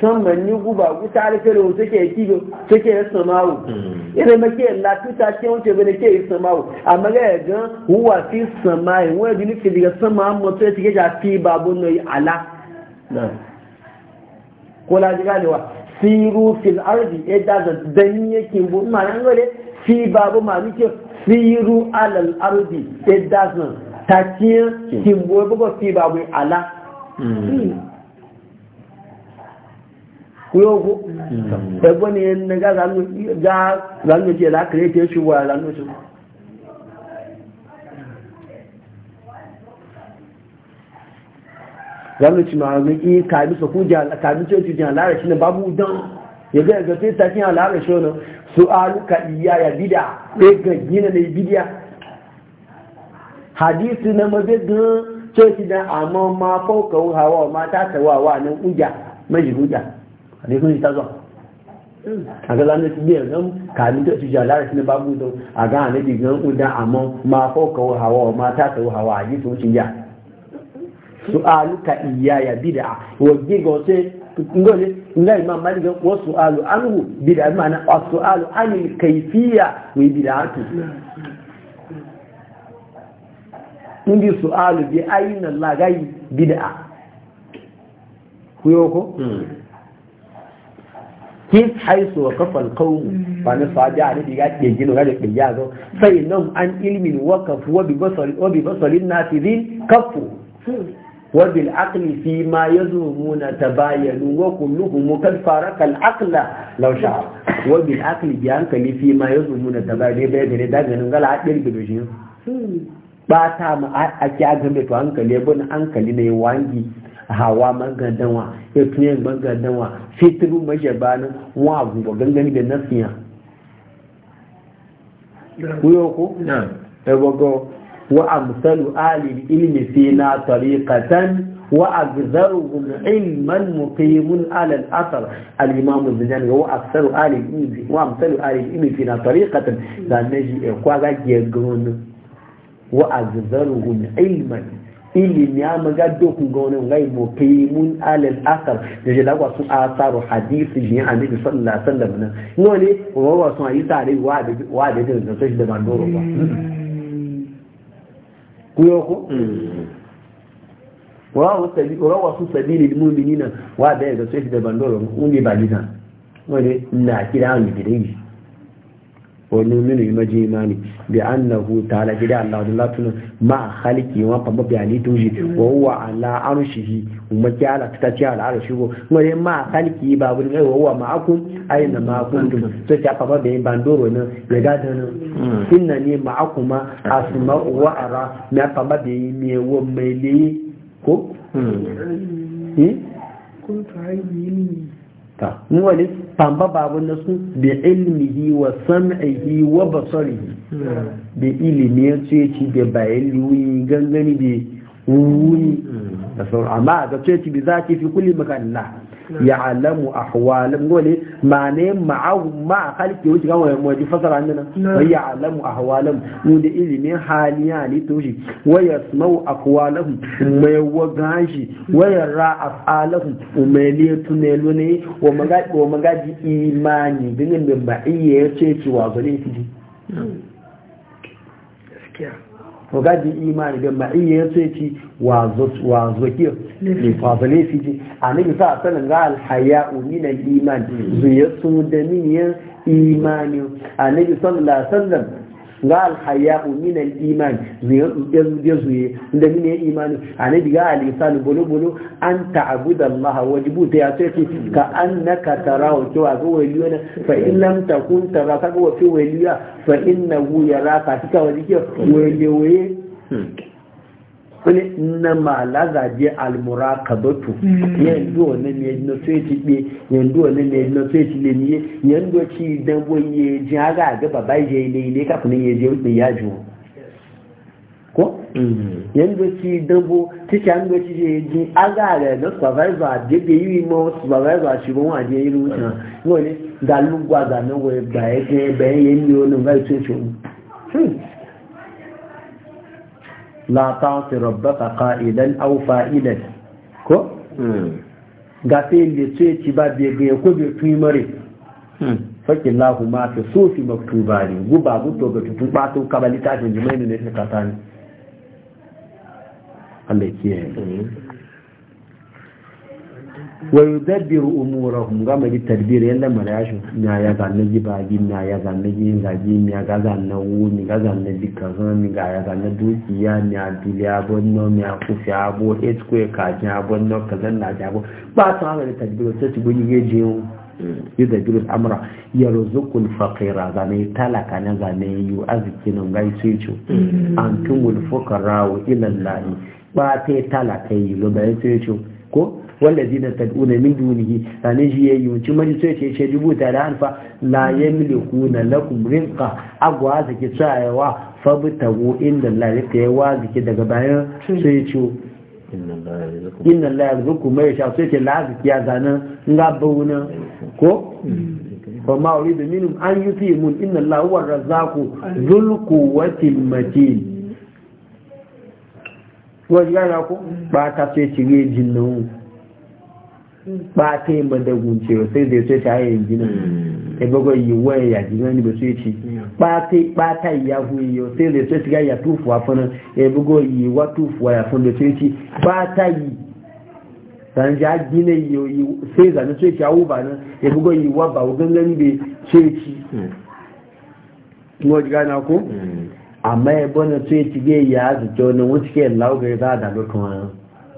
saman ni guba guta alifere wo take yi kigo take yi samawu ina make la tuta ke wuce bane ke yi samawu amma ga ga huwa fi samai wa bi nufi daga sama amma to fi babu no ala ko la ji gane wa siru fil e da da dani yake bu ma nan gole fi ma ni ke siru alal ardi e da hmm. fi babu ala kuyogo mm. ebe ne na ga zanuwa ce la'akari ta yi shiwa zanuwa ma na babu don ya ga yaga sai a larashi wani su aluka iya ya bida ɗaya e ga gina na hadisi na mabe gan coci don amma ma fauka hawa ma ta tawawa nan uja mai hujja ne kun ta zuwa a ga zanen su biyar zan kamin ta su na babu don a ga hana bi udan amma ma hawa ma taa kawo hawa a ji ya Sualu ka iya ya bida wa giga wasu ngole ngai ma mali ga wasu alu anu bida mana wasu alu anil kaifiya wi bida tu ndi su'alu bid'a kuyo ki haisu wa kafal qawm fa na sabi a riga ke gino ga ke ya zo sai nan an ilmin wa kafu wa bi basal wa bi basalin nasidin kafu wa bil aqli fi ma yazumuna tabayanu wa kulluhum kad faraka al aqla law sha'a wa bil aqli bi hankali fi ma yazumuna tabayanu bai da daga nan gala da gidojin ba ta ma a kya gambe to hankali bani hankali ne wangi hawa magadanwa etuyen magadanwa fitiru majabanin wa gugu gangan da nasiya kuyo na ebogo wa amsalu ali ilmi fi na tariqatan wa agzaruhum ilman muqimun ala al-athar al-imam az-zidani wa aktharu ali ilmi wa amsalu ali ilmi fi na tariqatan da naji kwa ga gegonu wa agzaruhum ilman ilimi ya maga dokun ga wani ngai mun alal asar da je lagwa sun asaru hadisi ne annabi sallallahu alaihi wasallam nan no ne wa sun ayi tare wa da wa da da sai da bandoro ba ku yo ku hmm. wa sabi wa su sabili lil mu'minina wa da ga sai da bandoro mun ba lidan no ne na kira ni bidai wani minu yi maji imani bi an na huta ala gida allah wani latunan ma a halki wa fama bi ani tuji wa huwa ala arushi hi kuma ki ala ta ci ala arushi ko kuma ne ma a halki ba wani kai wa huwa ma aku na ma aku ndu so ci apa ba bai ban doro na ya gada na sin na ne ma aku ma a su ma wa ara mi apa ba bai mi wa le ko. ta wani famba babu na su bi ilmihi wa sam'ihi wa basarihi bi ilimi ya ce ci da bayan liwuyi gangani da wuni mm. da sauran amma a ga ce ci bi za ki fi kulli makanna ya'lamu ahwalam gole mane ma'aw ma khalqi wuce kan wani waje fasara nan wa ya'lamu ahwalam mu da ilimi haliya ne to shi wa yasma'u aqwalahum ma yawgashi wa yara af'alahum umeli tunelo ne wa magadi wa magadi imani dinin da ba iya yace cewa gole shi gaskiya wa gadi imani da ba iya yace ci wa zo wa zo lifazane fi ji a nabi sa sanin haya alhaya na iman zuya su da niyan imani a nabi sallallahu sallam ga alhaya na iman zuya su da niyan imani a nabi ga alisan bolo bolo an ta'abuda allaha wajibu ta ya ce ka annaka tarahu a ga waliyo na fa in lam takun tara ka ga wa fi waliya fa innahu yaraka kika waliyo waliyo wani na malaza je almura ka batu mm. yanzu wani ne na so ya tiɓe yanzu wani ne na so ya tiɓe ne yanzu ci dan wani ji haka a gaba je ne ne kafin ya je wani ya ji ko mm. yanzu ci dan bo tike an gaci je ji aga ga na supervisor de be yi mo supervisor shi bon wa je yi n'go ne da lugwa da na we ba e be yin yo no ga ce ce la ta'ti rabbaka qa'ilan aw fa'ilan ko ga sai le ce ci ba be ga ko be tuyi mare fakin lahu ma fi so fi ba ne guba guto ga tutun bato kabali ta jimai ne ne ka tani Allah kiyaye wa yudabbiru umurahum ga mai tarbiyar yalla mara ya shi na ya zanne ji bagi na ya zanne ji zagi mi ga zanne wu mi ga zanne ji kaza mi ga ya zanne dukiya mi a duliya bonno mi a kufi abo et ko ka ji bonno kaza na ji abo ba ta ga tarbiyar ta ci gunyi ge ji yudabbiru amra yarzuqul faqira zanne talaka na zanne yu azkinu ga sai ci antumul fuqara ila allahi ba ta talaka yi lo ba sai ci ko wallazi na tad'una min dunihi sani shi ya yi wuce mani sai ce ce dubu tare alfa la yamliku na lakum rizqa agwa zaki tsayawa tagu inda la yake yawa daga bayan sai ce inna la la ya ko وما أريد منهم أن يثيمون إن الله هو الرزاق ذو القوة المتين wajen yana ku ba ta ba ta yi ba da gunce sai zai ce ta yi gina ya bago hmm. yi waya ya ji gani ba sai ce ba ta yi ya huyi yau sai zai ce ta ya tufuwa fana ya bago yi wa tufuwa ya fana da sai ce ba ta yi dan ja gina yi sai zane sai ce awu ba nan ya bago yi wa ba gangan bai sai ce mo ji gana ko hmm. amma ya bana sai ce ya zuke wani wuce ke lauga ya za a dabe kuma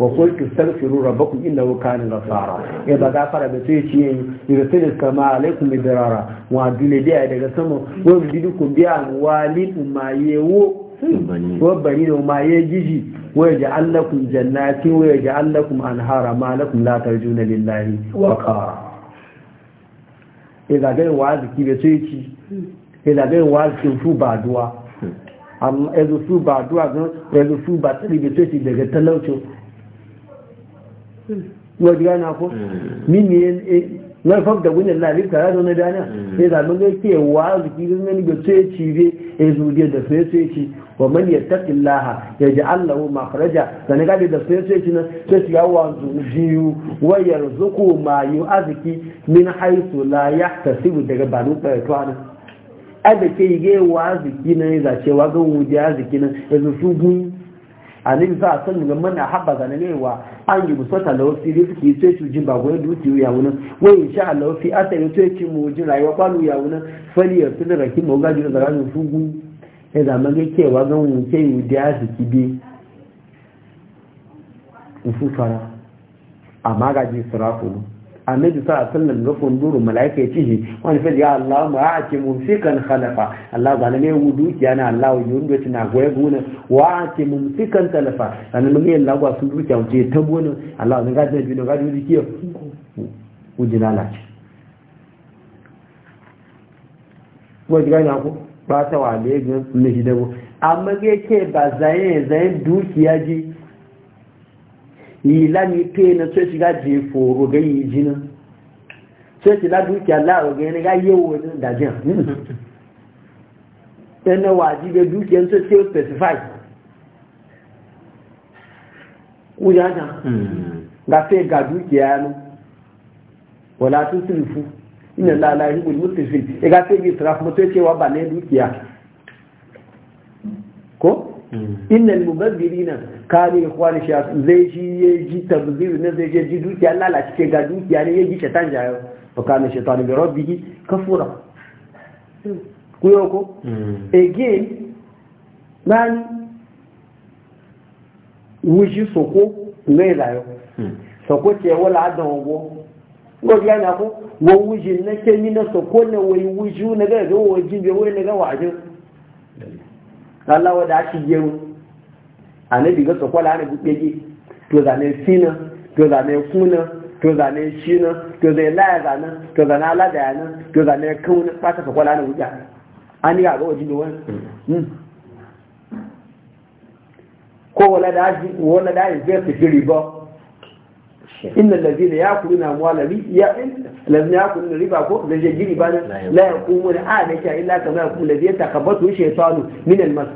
wa qultu astaghfiru rabbakum innahu kana ghafara ya ba gafara da sai ce yursil kama alaikum bidarara wa dule dai daga sama wa bidiku biya walid ma yewo wa bani da umaye ye wa yaj'al lakum jannatin wa yaj'al lakum anhara ma lakum la tarjuna lillahi wa qara idan ga waziki da sai ci ila ga waziki fu ba duwa amma ezu fu ba duwa ezu fu ba tsiri da sai daga talaucin wajen gana ko mm. mini eh, wani fab da gunin lalif tare da wani dana mm. sai zaɓin ga ke wa zuki don gani ga sai ci be ya zuriya da sai sai ci wa man ya taƙi laha ya ji allahu makaraja da na gadi da sai sai ci na sai ci yawa biyu wayar zuku ma yi min haisu la ya tasiru daga banu ɓaratuwa na a da ke yi ga wa zuki na za cewa, wa ga wuji arziki na ya zuci gun annabi sa san ga mana habba ga ne wa an yi musata law fi rizki sai su jin ba goyi duti ya wuna wa insha Allah fi asali sai ki mu ji rayuwa kwalu ya wuna fali ya fi da ki mu ga jin da ran fugu sai da mage cewa ga mu ke yi da su kibi ufu fara amma ga ji sarafu annabi sa sallan ga kunduru malaika ci shi wani fa ya Allah ma ake mumsikan khalafa Allah ga ne wudu yana Allah yi wanda ci na goye gune wa ake mumsikan talafa sanan mun yi Allah ga sun dukiya wuce ta gona Allah ga da bi ga duki kiyo ujina lati wajen gani ku ba ta wa ne ga mishi dabo amma ke ke ba zaye zaye dukiya ji yi lami pe na sai shiga je foro ga yi jina sai ti la dukiya la o ga ne ga yewo ni da jin *laughs* ene wajibe dukiya sai sai specify wuya ta hmm. ga sai ga dukiya no kame kwani shi zai shi ya ji tabzir ne zai ji dukiya lalace ga dukiya ne ya ji shaitan jayo fa kana shaitan bi rabbihi kafura kuyo ko mm. again man wuji soko ne layo mm. soko ce wala adan wo ngo ya na ko wo wuji ne ke ni na soko ne wo wuji ne ga ga wo ji be wo ne ga wajin Allah wa da shi yau. annabi ga tsakwala ana buɗe to zane sina to zane kuna to zane shina to zai laya zane to zane ala da yana to zane kauna ɓata tsakwala ana buɗe an yi ga wajen wani ko wala da aji wala da aji zai fi riba inna allazina yakuluna amwala ya allazina yakuluna riba ko da je ba la yaqumuna a da illa kama yaqulu allazi yatakabatu shaytanu min al-mas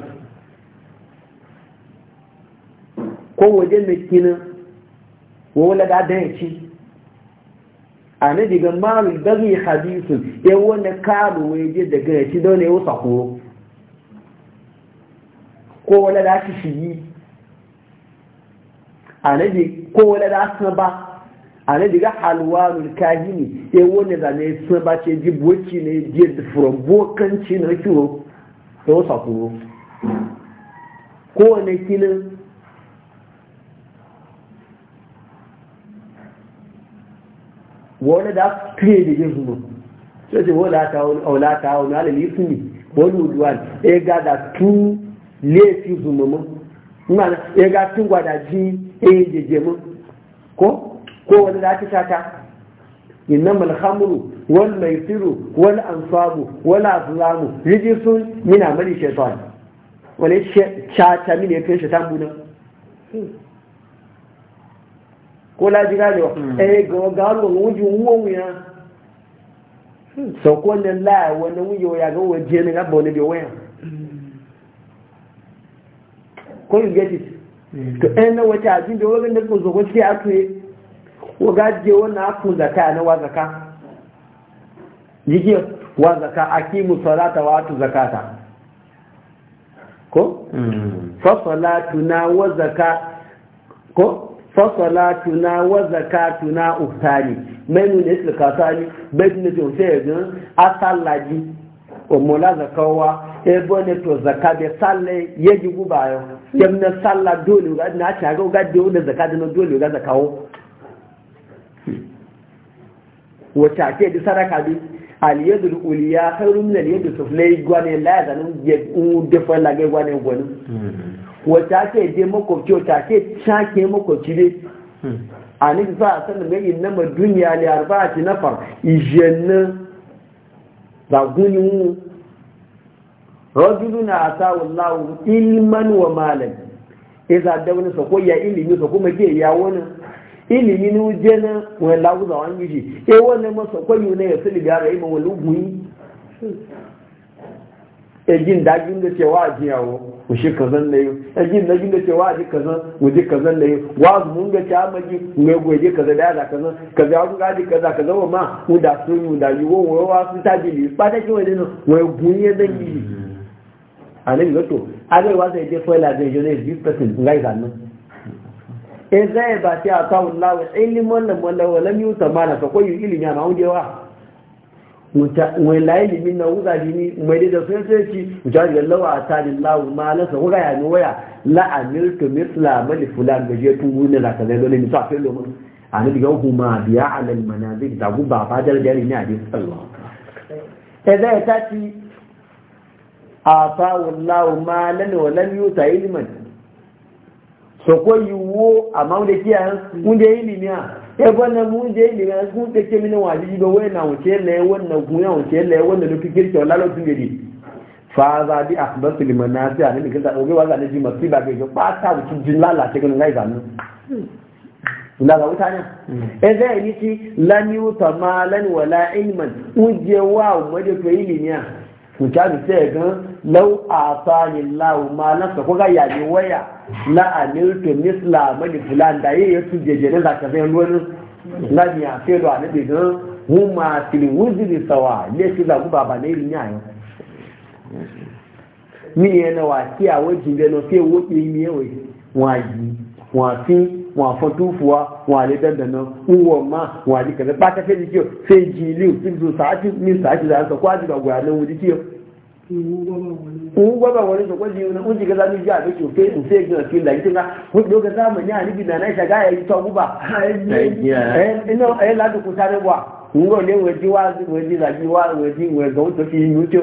ko wajen na kina wa wala da da yaci ana diga malu dagi hadisu ya wani karu waje daga yaci don ne wasa ko ko wala da shi shi ana ko wala da san ba ana diga halwarul kahini ya wani da ne san ba ce jibuci ne je from bokanci na kiwo to sako. ko ko ne kinin wani da kire da yin zuwa so ce wani ta wani aula ta wani wani yi sun yi wani wuduwa ne ya ga da tun lefi zuwa mu ya ga tun gwadaji ya yi jeje mu ko ko wani da ake sata inna malhamuru wal maisiru wal wani wal azlamu rijisun min amali shaytan Wani shata min ya kai shaytan buna ko laji ganewa eh ga gano wuji wuwan ya so ko ne la wani wuyo ya ga waje ne ga bone bi waya ko you get it to en wata ajin da wagan da ko zo ko sai atuye ko gaje wannan aku zakka na wa zakka yake wa zakka akimu salata wa atu zakata ko fa salatuna wa zaka, ko fasalatuna wa zakatuna uftani menu ne su kasani bai ne to sai ga asalaji o mola zakawa e ne to zaka zakabe salle yeji gubayo kemna salla dole ga na ta ga ga dole zakade no dole ga zakawo wata ke di saraka bi al yadul uliya khairu min al yadul suflay gwane la zanun je u defa la ga gwane gwane wacce ake je makwabci wacce ake shake makwabci dai a nufi sa a sanin ga inna ma duniya ne arba a tinafar ijenna zagunin rajulun a sa'un lawu ilman wa malam iza da wani sako ya ilimi sako ma ya wani ilimi ni uje na wani lawu za wani gishi e wani ma sako yi ne ya sili biya ga ima wani ugun yi ejin dajin da cewa a jiyawo mu shi kazan da yi ajin da jinda cewa ji kazan mu ji kazan da yi wa su mun ga ta ah, maji mu ga goje kaza da da kazan kaza mun ga ji kaza kaza wa ma mu da sun mu da yi wo wo wa su ta bi ba ta ji wani no wo bunye da yi ale yo to ale wa sai je fa la de jeune du person ngai zan nan e zai ba ta ta wallahu ilmun lam wala lam yutamana ka koyi ilmi ma hundewa wai layi na wuza dini mai da sun sai ci mujahid gallawa a tani lawu ma na sa wuga ya ni waya la amir to misla mali fulan ga je tungu ne la kaza dole mi sa fe lo mun ani diga huma biya alal manazil da gu ba fa dal jari ne hadis Allah kaza ya tati ata wallahu ma lan wa lam yuta ilman so ko yuwo amma wanda kiyan wanda ilimi a ebe na mu je ile na gun te ke mini waji jibe we na wuce le wannan gun ya wuce le wannan da fikir ke wallahi tun gari fa za bi akhbatu liman nasi ani mi kinta oge waza ne ji masiba ke jo pata wuce jin lala te kun ngai zanu ina ga wutanya eze hmm. ni e ti lan yuta malan wala ilman uje wa mu je to ilimi misali sai ga lau a sani lau ma na sa kuka yayi waya la amiltu misla mali fulan da yayi su jejene da ka zai ruwan na ni a sai da ne ga mu ma fil wuzri sawa ne shi da guba ba ne rin yayin mi ne na wa kiya wajin da no sai wobi mi yayi wa yi wa fi wọn àfọ́túnfùwa wọn àlédẹ́dẹ̀nà wúwọ̀ ma wọn àdíkẹ̀lẹ́ pátá fẹ́jì kí o fẹ́jì ilé ìfìdó sáájú ní sáájú láàrín kó àdìgbà gbà náà wọ́n di kí o. òun gbọ́dọ̀ wọlé sọ̀kọ́ di iná oúnjẹ gẹ́gẹ́ ní ìjà àbẹ́kì òfé ìfẹ́ ìgbìyàn kí làyí tó ká ó ti lókè sáà mọ̀ ní àníbi nàná ìṣàgá ẹ̀ tọ́ búbà ẹ̀ ládùkú sáré wà ń gbọ́ lé wẹ́ẹ́dí wá wẹ́ẹ́dí làjí wá wẹ́ẹ́dí wẹ́ẹ́dí tó fi yín tó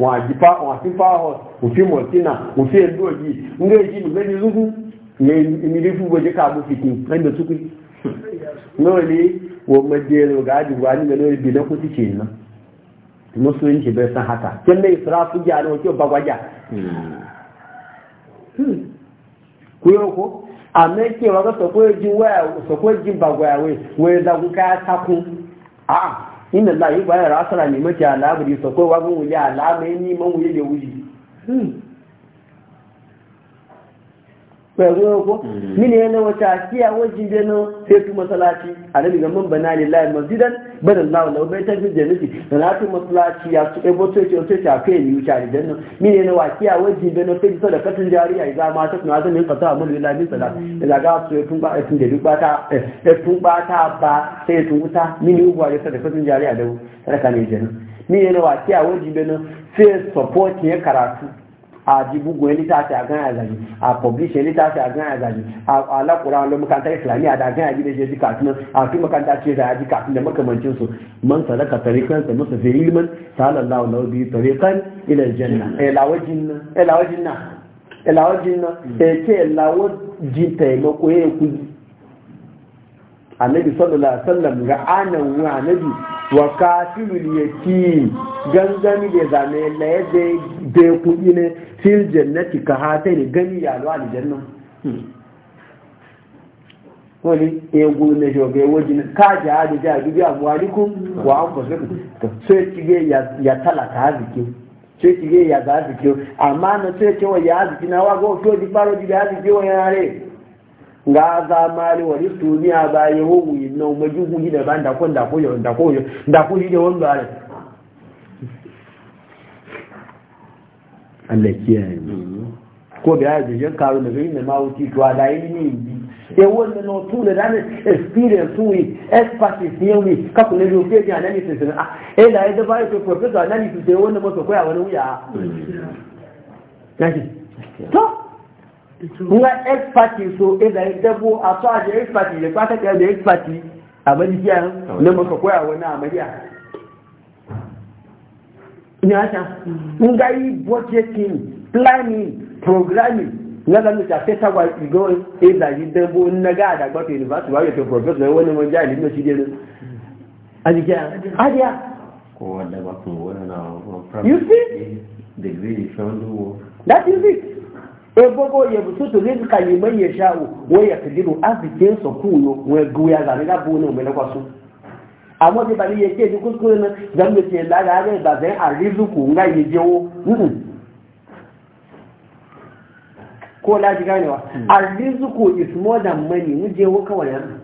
wọn àjípa wọn àti fáwọn òfin mọ̀tínà òfin ẹ̀dọ́ yìí ńgbé èjì nìgbẹ́ ní lúgùn ní ìmìlí fún gbèjì káàbù fìtìn lẹ́gbẹ̀ẹ́ tó pé náà ní wọ́n mọ̀dé ẹ̀rọ gáàdì wà nígbà lórí ibi lọ́kùn ti ṣe iná mùsùlùmí san haka tí ẹ̀mẹ́ ìfura fún jà ní ọjọ́ ọba wájà kúyọ́kọ́ àmẹ́ kí ẹ̀rọ we ẹ̀jìn bagwayawé wẹ́ẹ́ dagun inda Allah yi bayar asara ne mace alabari sakwai wagon wuya alamai ni man wuya da wuji hmm. kwayo ko mm. mini yana wata kiya wajin da nan sai tu masalaci annabi ga man bana lillahi masjidan bana Allah lahu bai ta fi jannati na tu masalaci ya su e boto ce ce ta kai ni wuta da nan mini yana wa kiya wajin da nan sai da katin jariya ta lillahi ga su e tun e e, ba tun da duk tun ba sai tun wuta mini da katin jariya da ne mini yana wa kiya sai support ya karatu a ji bugun littafi a gan azali a publish littafi a gan azali a alakura wani makarantar islamiyya da gan aji da je jika tunan a fi makaranta ce da aji kafin da makamancin su man sadaka tarikan sa musu fi ilmin sallallahu alaihi bi tarikan ila janna elawajin elawajin na elawajin na ke elawajin taimako ya kuji annabi sallallahu alaihi wasallam ga anan wa annabi wa kafirul yatim gangani da zane la yadda da kuɗi ne fil jannati ka hata ne gani ya lo aljanna wani egu na shoge wajen ka ji hadu ja dubi amwalikum wa anfusakum sai kige ya ya talaka haziki sai kige ya zaziki amma na sai cewa ya haziki na wa go to di baro di haziki wa yare nga za mali wani duniya ba ya wogu yi nan maji huyi da ban da kun da kun yau da kun yau yi da ba Allah kiyaye mm-hmm. ko da ya je karu da gani ma wuti to da yi ni e wanda no tu da dan experience tu expertise ne wi ka ku ne yo ke ni analysis a, e da ya da ba ko professor analysis da wanda ba so koya wani wuya na mm-hmm. shi to nga expert so ida e ita e bu a so aje expert le kwata ka da expert a bani kiya ne maka koya wani amariya ina ta nga yi budgeting planning programming nga e da mu wa igo ida yi da bu na ga da gbato professor wani mun ja ilimi shi dai ajiya ajiya ko that is it ebogo yebusutu ya liman yasha'u wa yaqdiru azikin su kuyo wa guya zane ga bono mai na kwasu amma bi bari yake ji kuskure na dan da ce la ba zai arizuku nga yi jewo ko la ji ganewa mm. arizuku is more than money mu jewo kawai yanzu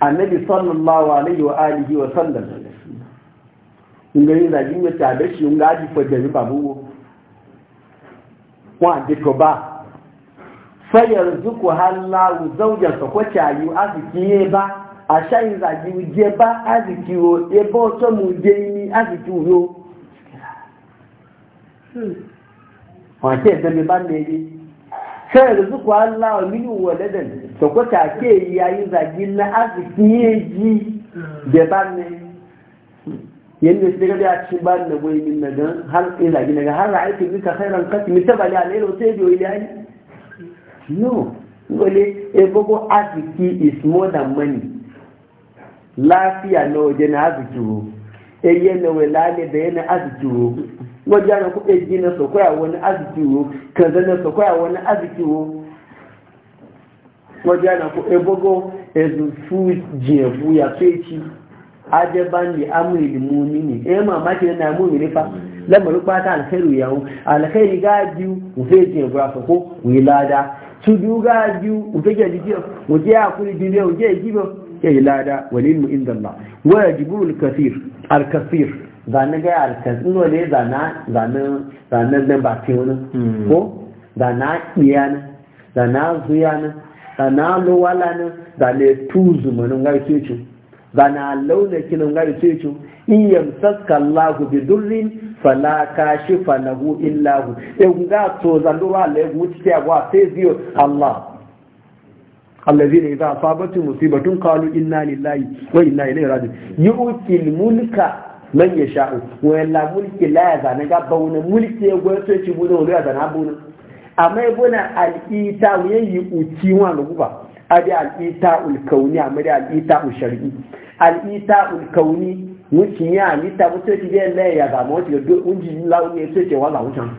annabi sallallahu alaihi wa alihi wa sallam nga yin zagi nga ta da shi nga aji fa jami babu wo wa de ko ba fa yarzuku hallahu zawja fa ko ta yu aziki ye ba a sha yin zagi je ba aziki wo e bo to mu je ni aziki wo hmm. wa ke da me ban ne yi fa yarzuku hallahu min waladan fa yi ayi zagi na aziki ye ji de hmm. yadda shi daga da ci ba da boye min na gan har sai zagi daga har ra'aytu bika khairan qat mi tabali alayhi wa sayyidu ilahi no wale e gogo aziki is more than money lafiya na waje na aziki ro e yana we lale da yana aziki wo wajen na kuɗe gina sokoya wani aziki wo kaza na sokoya wani aziki wo wajen na kuɗe gogo ezu fu jefu ya feci ajaban ni amri mu'mini eh mamaki na mu'mini fa lamarin kwata alkhairu yawo alkhairi ga biyu mu fe je gura ko wi lada ga biyu mu fe je dikiyo je je ke lada walil mu inda Allah al al zane ga al no da ba ko zuyana ne zane tuzu bana launa kinan gari sai ce in yamsaka Allah bi durrin fala kashifa lahu illa hu e ga to zandura le wuce ta gwa sai ziyo Allah allazina idza asabatu musibatun qalu inna lillahi wa inna ilaihi raji'un yu'til mulka man yasha wa la mulki la yazana ga bauna mulki ya gwa sai ci mu da wani yazana bauna amma ibuna al-ita yayi uti wa luguba adi al'ita ulkauni a mada al'ita ushari al'ita ulkauni wuce ya alita wuce ci biyan laye ya zama wuce ga unji launi ya soke wala wucin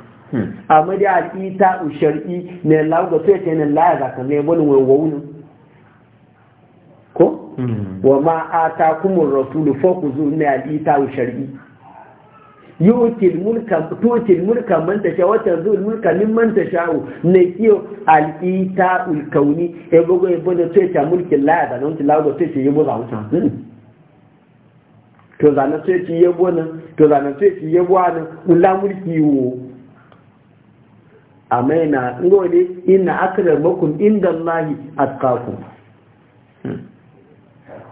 a mada al'ita ushari ne launi ga soke ne laye zaka ne wani wawunin ko wa ma a takumin rasulu fokuzu ne al'ita ushari yutil mulka tutil mulka man tasha wa tanzul mulka mimman tasha ne kiyo al'ita ita ul kauni e gogo e bodo mulkin la da non ti lawo teta yebo za wuta to zana na teta yebo na to za na teta yebo na ula mulki wo amaina ngode inna akramakum indallahi atqakum hmm.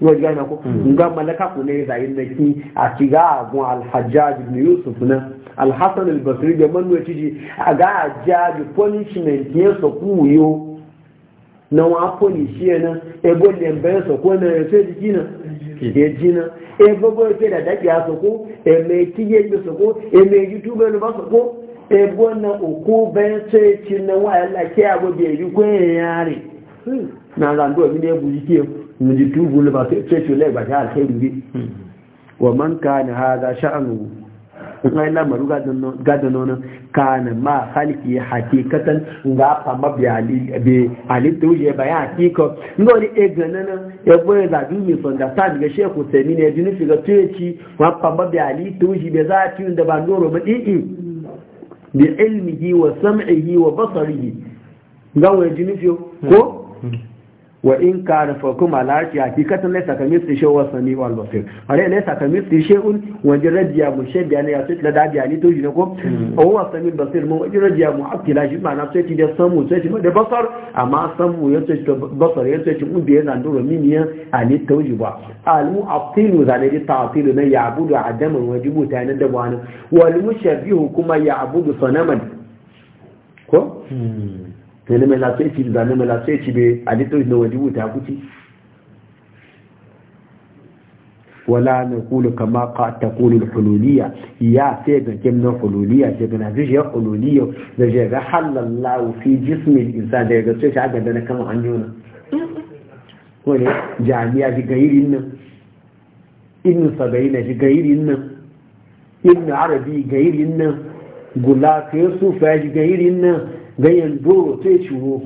yau gane ko ga malaka ku ne a shiga agun alhajjaj yusuf na alhassan albasri da man wace ji a punishment ya so ku na wa punish na ebo lembe na ya sai jiki na ebo bo ke da daki ya so ko kiye bi so ko e me youtube ba so ebo na oku ben sai cin na wa ke yare na zanduwa ni ya buji ke ji tubu ba sai ce le ba ta alkhairu ne wa man kana hada sha'nu ngai ina maru gada nono kana ma halki hakikatan nga fa mabiyali be to uje ba ya hakiko ni e ganana e e da du mi da ta ga sheku semi ne dinu figa tuci wa fa to ji be za ti da ba ndoro ba i bi ilmihi wa sam'ihi wa basarihi ngawe dinu fio ko wa in ka kana fakum alati hakikatan laysa kamithli shay wa sami wal basir hare laysa kamithli shay'un hmm. wa jaradiya mushabbiha ya sai da dadiya ni to jina ko o wa sami basir mu jaradiya mu'akkila shi ma na sai ti da samu sai ti da basar amma samu ya sai to basar ya sai ti mun da yana duro min ya ta ba. ali tawjiba al mu'attilu ta ta'tilu na ya abudu ya'budu adaman wajibu ta nan da wani wal mushabbihu kuma ya abudu sanaman ko hmm. sai mai lafiya ci da mai lafiya ci be a littar na wajibu ta kuti wala na kulu kama ka ta kulu hululiya ya sai ga kim na hululiya ce ga nazi ya hululiya da je ga halallahu fi jismin insan da ga sai ga da kama an yona ko ne jami'a ji gairin nan ibn sabaina ji gairin nan ibn arabi gairin nan gulafi sufa ji gairin nan ganyen doro sai ciwo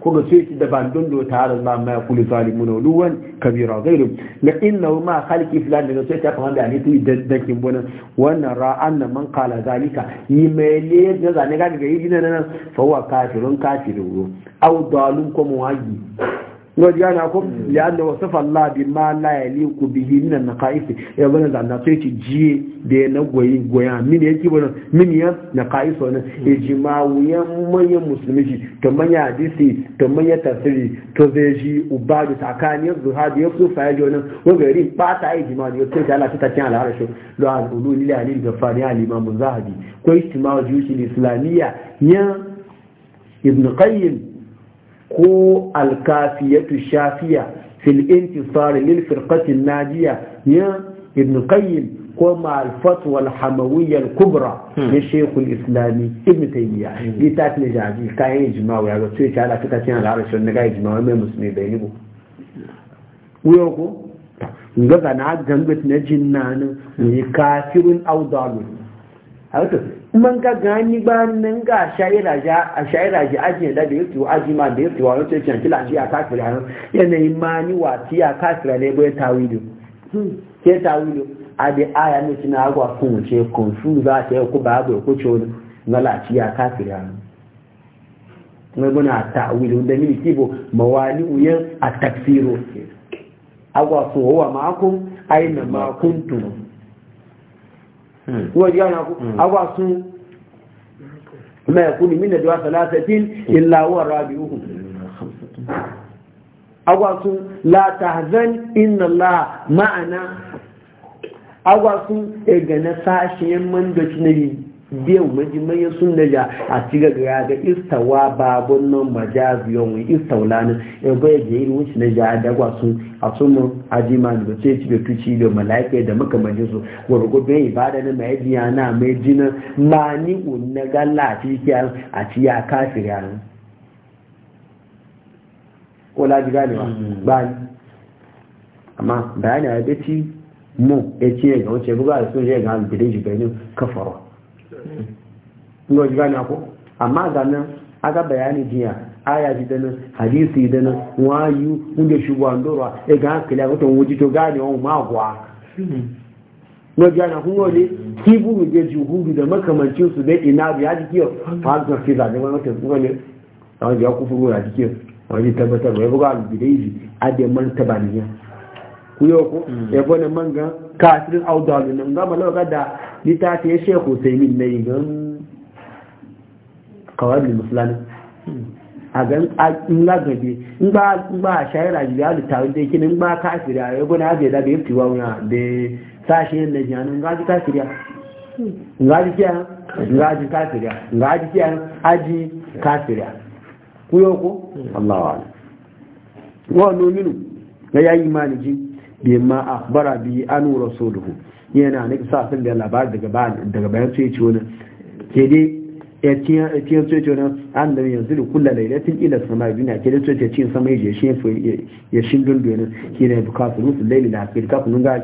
kuma sai ci da bandun do ta har Allah ma kulu muna luwan kabira gairu na inna ma halki filan da sai ta kama da ni tu da bona wannan ra'an anna man kala zalika yi mai da zane ga ga yi nan fawa kafirun kafirun kafiru au dalun lord ya na ko ya da wasafa Allah bi ma la yaliku bi min an-naqais ya bana da na sai ci jiye da ya nagoyi goya min yake bana min ya naqais wa e ijma'u ya manya musulmi ji to manya hadisi to manya tafsiri to zai ji ubadu takani zuhad ya su fa yajo nan wa gari ba ta ijma'u ya sai da Allah ta tin ala rashu lo al-ulul lil ali gafari al-imam zahabi ko ijma'u juyush al-islamiyya ya ibn qayyim ko alkafiyatu shafiya fil intisar lil firqati najiya ya ibn qayyim ko ma al fatwa al hamawiyya al kubra ni shaykh al islami ibn taymiya bi litat ne jaji kayan ijma'u ya ga sai ta lafi cin al-arashin ne ga ijma'u mai musulmi bai ni ko wuyo ko ga na gangat na jinnanin ne kafirun audalu haka man ka gani ba nan ga ja a shayira ji da da yutu aji ma da yutu wa yutu can kila ji a kafira nan yanayi ma wa ti a kafira ne bai tawilu ke tawilu a da aya ne tana agwa kun ce kun su za ta ku ba na lati a kafira nan na guna tawilu da ni kibo mawali uyan a tafsiro agwa so wa ma'akum aina ma kuntum Hmm. wọ́n yá yàn kú hmm. àwọn sún mẹ́ẹ̀kú ni mínà jọwọ́ sàlásẹ̀tín ìlàwọ̀ rábì uhùn àwọn sún látàzán ìnàlá ma'ana àwọn sún ẹ̀gẹ̀nẹ́ sáṣẹ́ mọ́ndọ̀tí biyan majimai sun da ya a ci gagara ga istawa babun nan majaziyon wani istaulanin ya bai da yi wuce na ja da gwasu a sunan ajima da ce ci da tuci da mala'ika da makamajin su gwargwabin ibada na mai biya na mai jina ma ni na galla a ciki a ci ya kafi yaran ko laji ganewa mm-hmm. ba ni amma bayani a ya ci mu ya ci ya ga wuce buga da sun ya ga albidan shi bayanin kafarwa ga ji na ko amma ga nan aga bayani jiya aya ji dana hadisi dana wayu unde shugwa ndorwa e ga gaa na ton wuji to gane on magwa no ji ana kun wole kiburu je juhudu da makamancin su da ina biya ji kiyo hmm. fa ga fi kafirin audalin nan gama ga da littafi ya shekhu sai min na yi kawai kawar musulani a gan in lagabe in ba a shayar a jiya da tarin da kinin ba kafiri a yabo na zai zaga yafi wa wuya da yin na jiya nan gaji kafiri ngaji kiya kafiri kiya aji kafiri wa nominu na yayi bima akhbara bi an rasuluhu yana ne sa sun da labari daga bayan daga bayan sai ce wani ke dai etiyan etiyan sai ce wani an da yanzu da kullu laylatin ila sama duniya ke dai sai ce sama ya shi ya shin dundun ke ne bukatu musu laili da akhir ka kun ga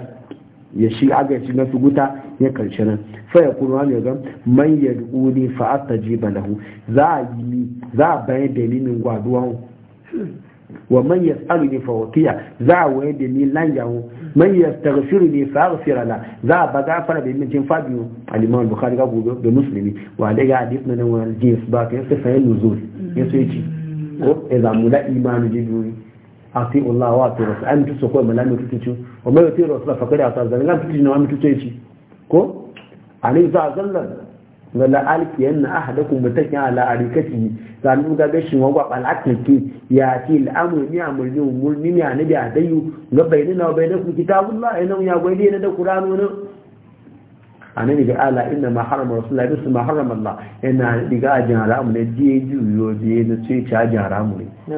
ya shi aga shi na suguta ya karshe nan fa ya kuma ne ga man yad'uni fa atajiba lahu za a yi za a bayan dalilin gwaduwan wa man yas'alu ni fa watiya za waye da ni lan yawo man ni fa aghfir la za ba fara bi min fadiyo al-imam bukhari ga gudu da muslimi wa da ga hadith na nan wal jins ba ka yasa sai nuzul yaso yace ko idan mu da imanu ji duri ati Allah wa ta rasul an tuso ko malami tutucu wa mai tuso rasul fa kada ta zanga tutucu na mu tutuce ci ko alai za zalla la wala alkiyanna ahadakum mutakin ala arikatihi sanu ga ga shin wagwa balakati ya ti al'amru ni amru ni umur ni ni anabi adayu ga bainana wa bainakum kitabullah ina ya gwadi ne da qur'anu ne anani ga ala inna ma harama rasulullahi bisu ma harama allah ina diga ajin haramu ne je juyo je ne ce ci ajin haramu ne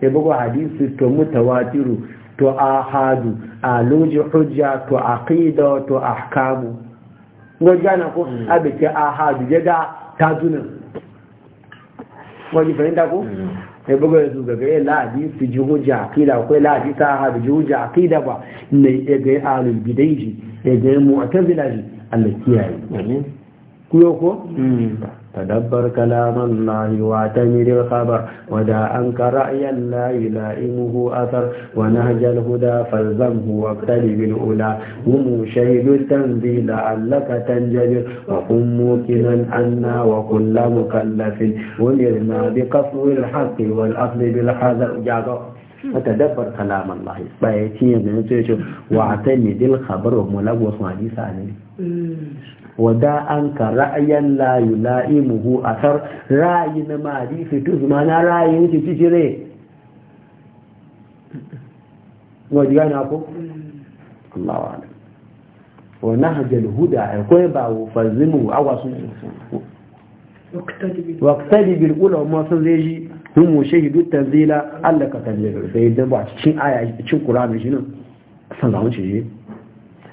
sai bugu hadisi to mutawatiru to ahadu a loji hujja to aqida to ahkamu ngojana ko mm. abike ahadu jaga tazunan wani fahimta ko sai buga da su gagare la'adi su ji hujja akida akwai la'adi ta ha ji hujja akida ba ne ya ga alul bidaiji ya ga mu'tazila ji Allah kiyaye ku yo ko تدبر كلام الله واعتمد الخبر ودع عنك رأيا لا يلائمه أثر ونهج الهدى فالزمه واقترب الأولى هم شهد التنزيل لعلك تنجبر وقم موكلا عنا وكل مكلف ومرنا بقصو الحق والأخذ بالحذر جاغر تدبر كلام الله بايتين من سيشو واعتمد الخبر وملغوص حديث عليه wada an ka ra'ayan la yula'imuhu asar ra'ayi na mari fi zuma na ra'ayin shi ci ne wa ji gane ko wa alam wa nahjal huda a ko ba wa fazimu awasu waqtadi bil wa sun zai ji hum shahidu tanzila allaka tanzila sai dan ba cikin aya cikin qur'ani shi nan san da mun shi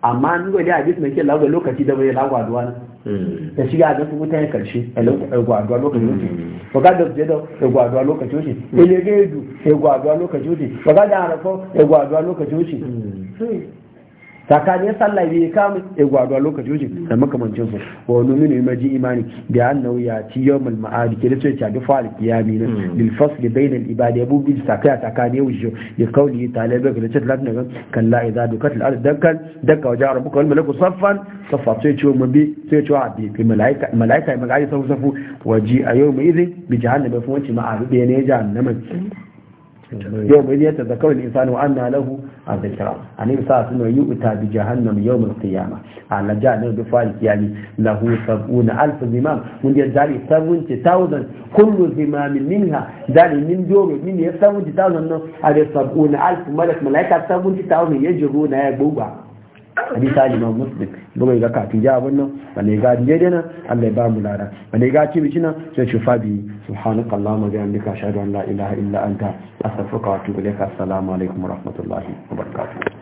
amma an zuwa da hadis mai ke lagwa lokaci da bai lagwa duwa na hmm. da shiga a gasu mutane karshe a gwaduwa lokaci wuce faga hmm. da zai da gwaduwa lokaci wuce ilege edu a gwaduwa lokaci wuce faga da harafo a gwaduwa lokaci wuce hmm. tsakanin sallah bi kama e gwado a lokacin wuce da makamancin su wa numinu imaji imani da annahu ya ti yawmul ma'ad ke da ce ta bi fa'al qiyami ne lil hmm. fasl bayna al ibadi abu bi sakaya tsakanin wujjo ya kauli talaba ga ce lafi daga kalla idza dukat al ard dakan dakka waja rabbuka wal malaku saffan saffa sai ce mu bi sai ce wa bi malaika malaika malaika safu safu waji a yawmi idin bi jahannama fa wace ma'abi ne jahannama Mm-hmm. yau mai yadda da kawai insani wa anna lahu azzakira annabi sa'a suna yi uta bi jahannam yawm al-qiyama ala na bi fa'il qiyami lahu sab'una alf zimam mun ya dari 70000 kullu zimam minha dari min doro min ya 70000 na ala sab'una alf malak malaika 70000 yajruna ya guba hadisa liman muslim bugu ga kafin ja abin nan wanda ya gaji daidai nan allah ya ba mu lada ne ga gaci bici nan sai ci fabi subhanaka allahumma bi hamdika ashhadu an la ilaha illa anta astaghfiruka wa atubu ilayka assalamu alaikum wa rahmatullahi wa barakatu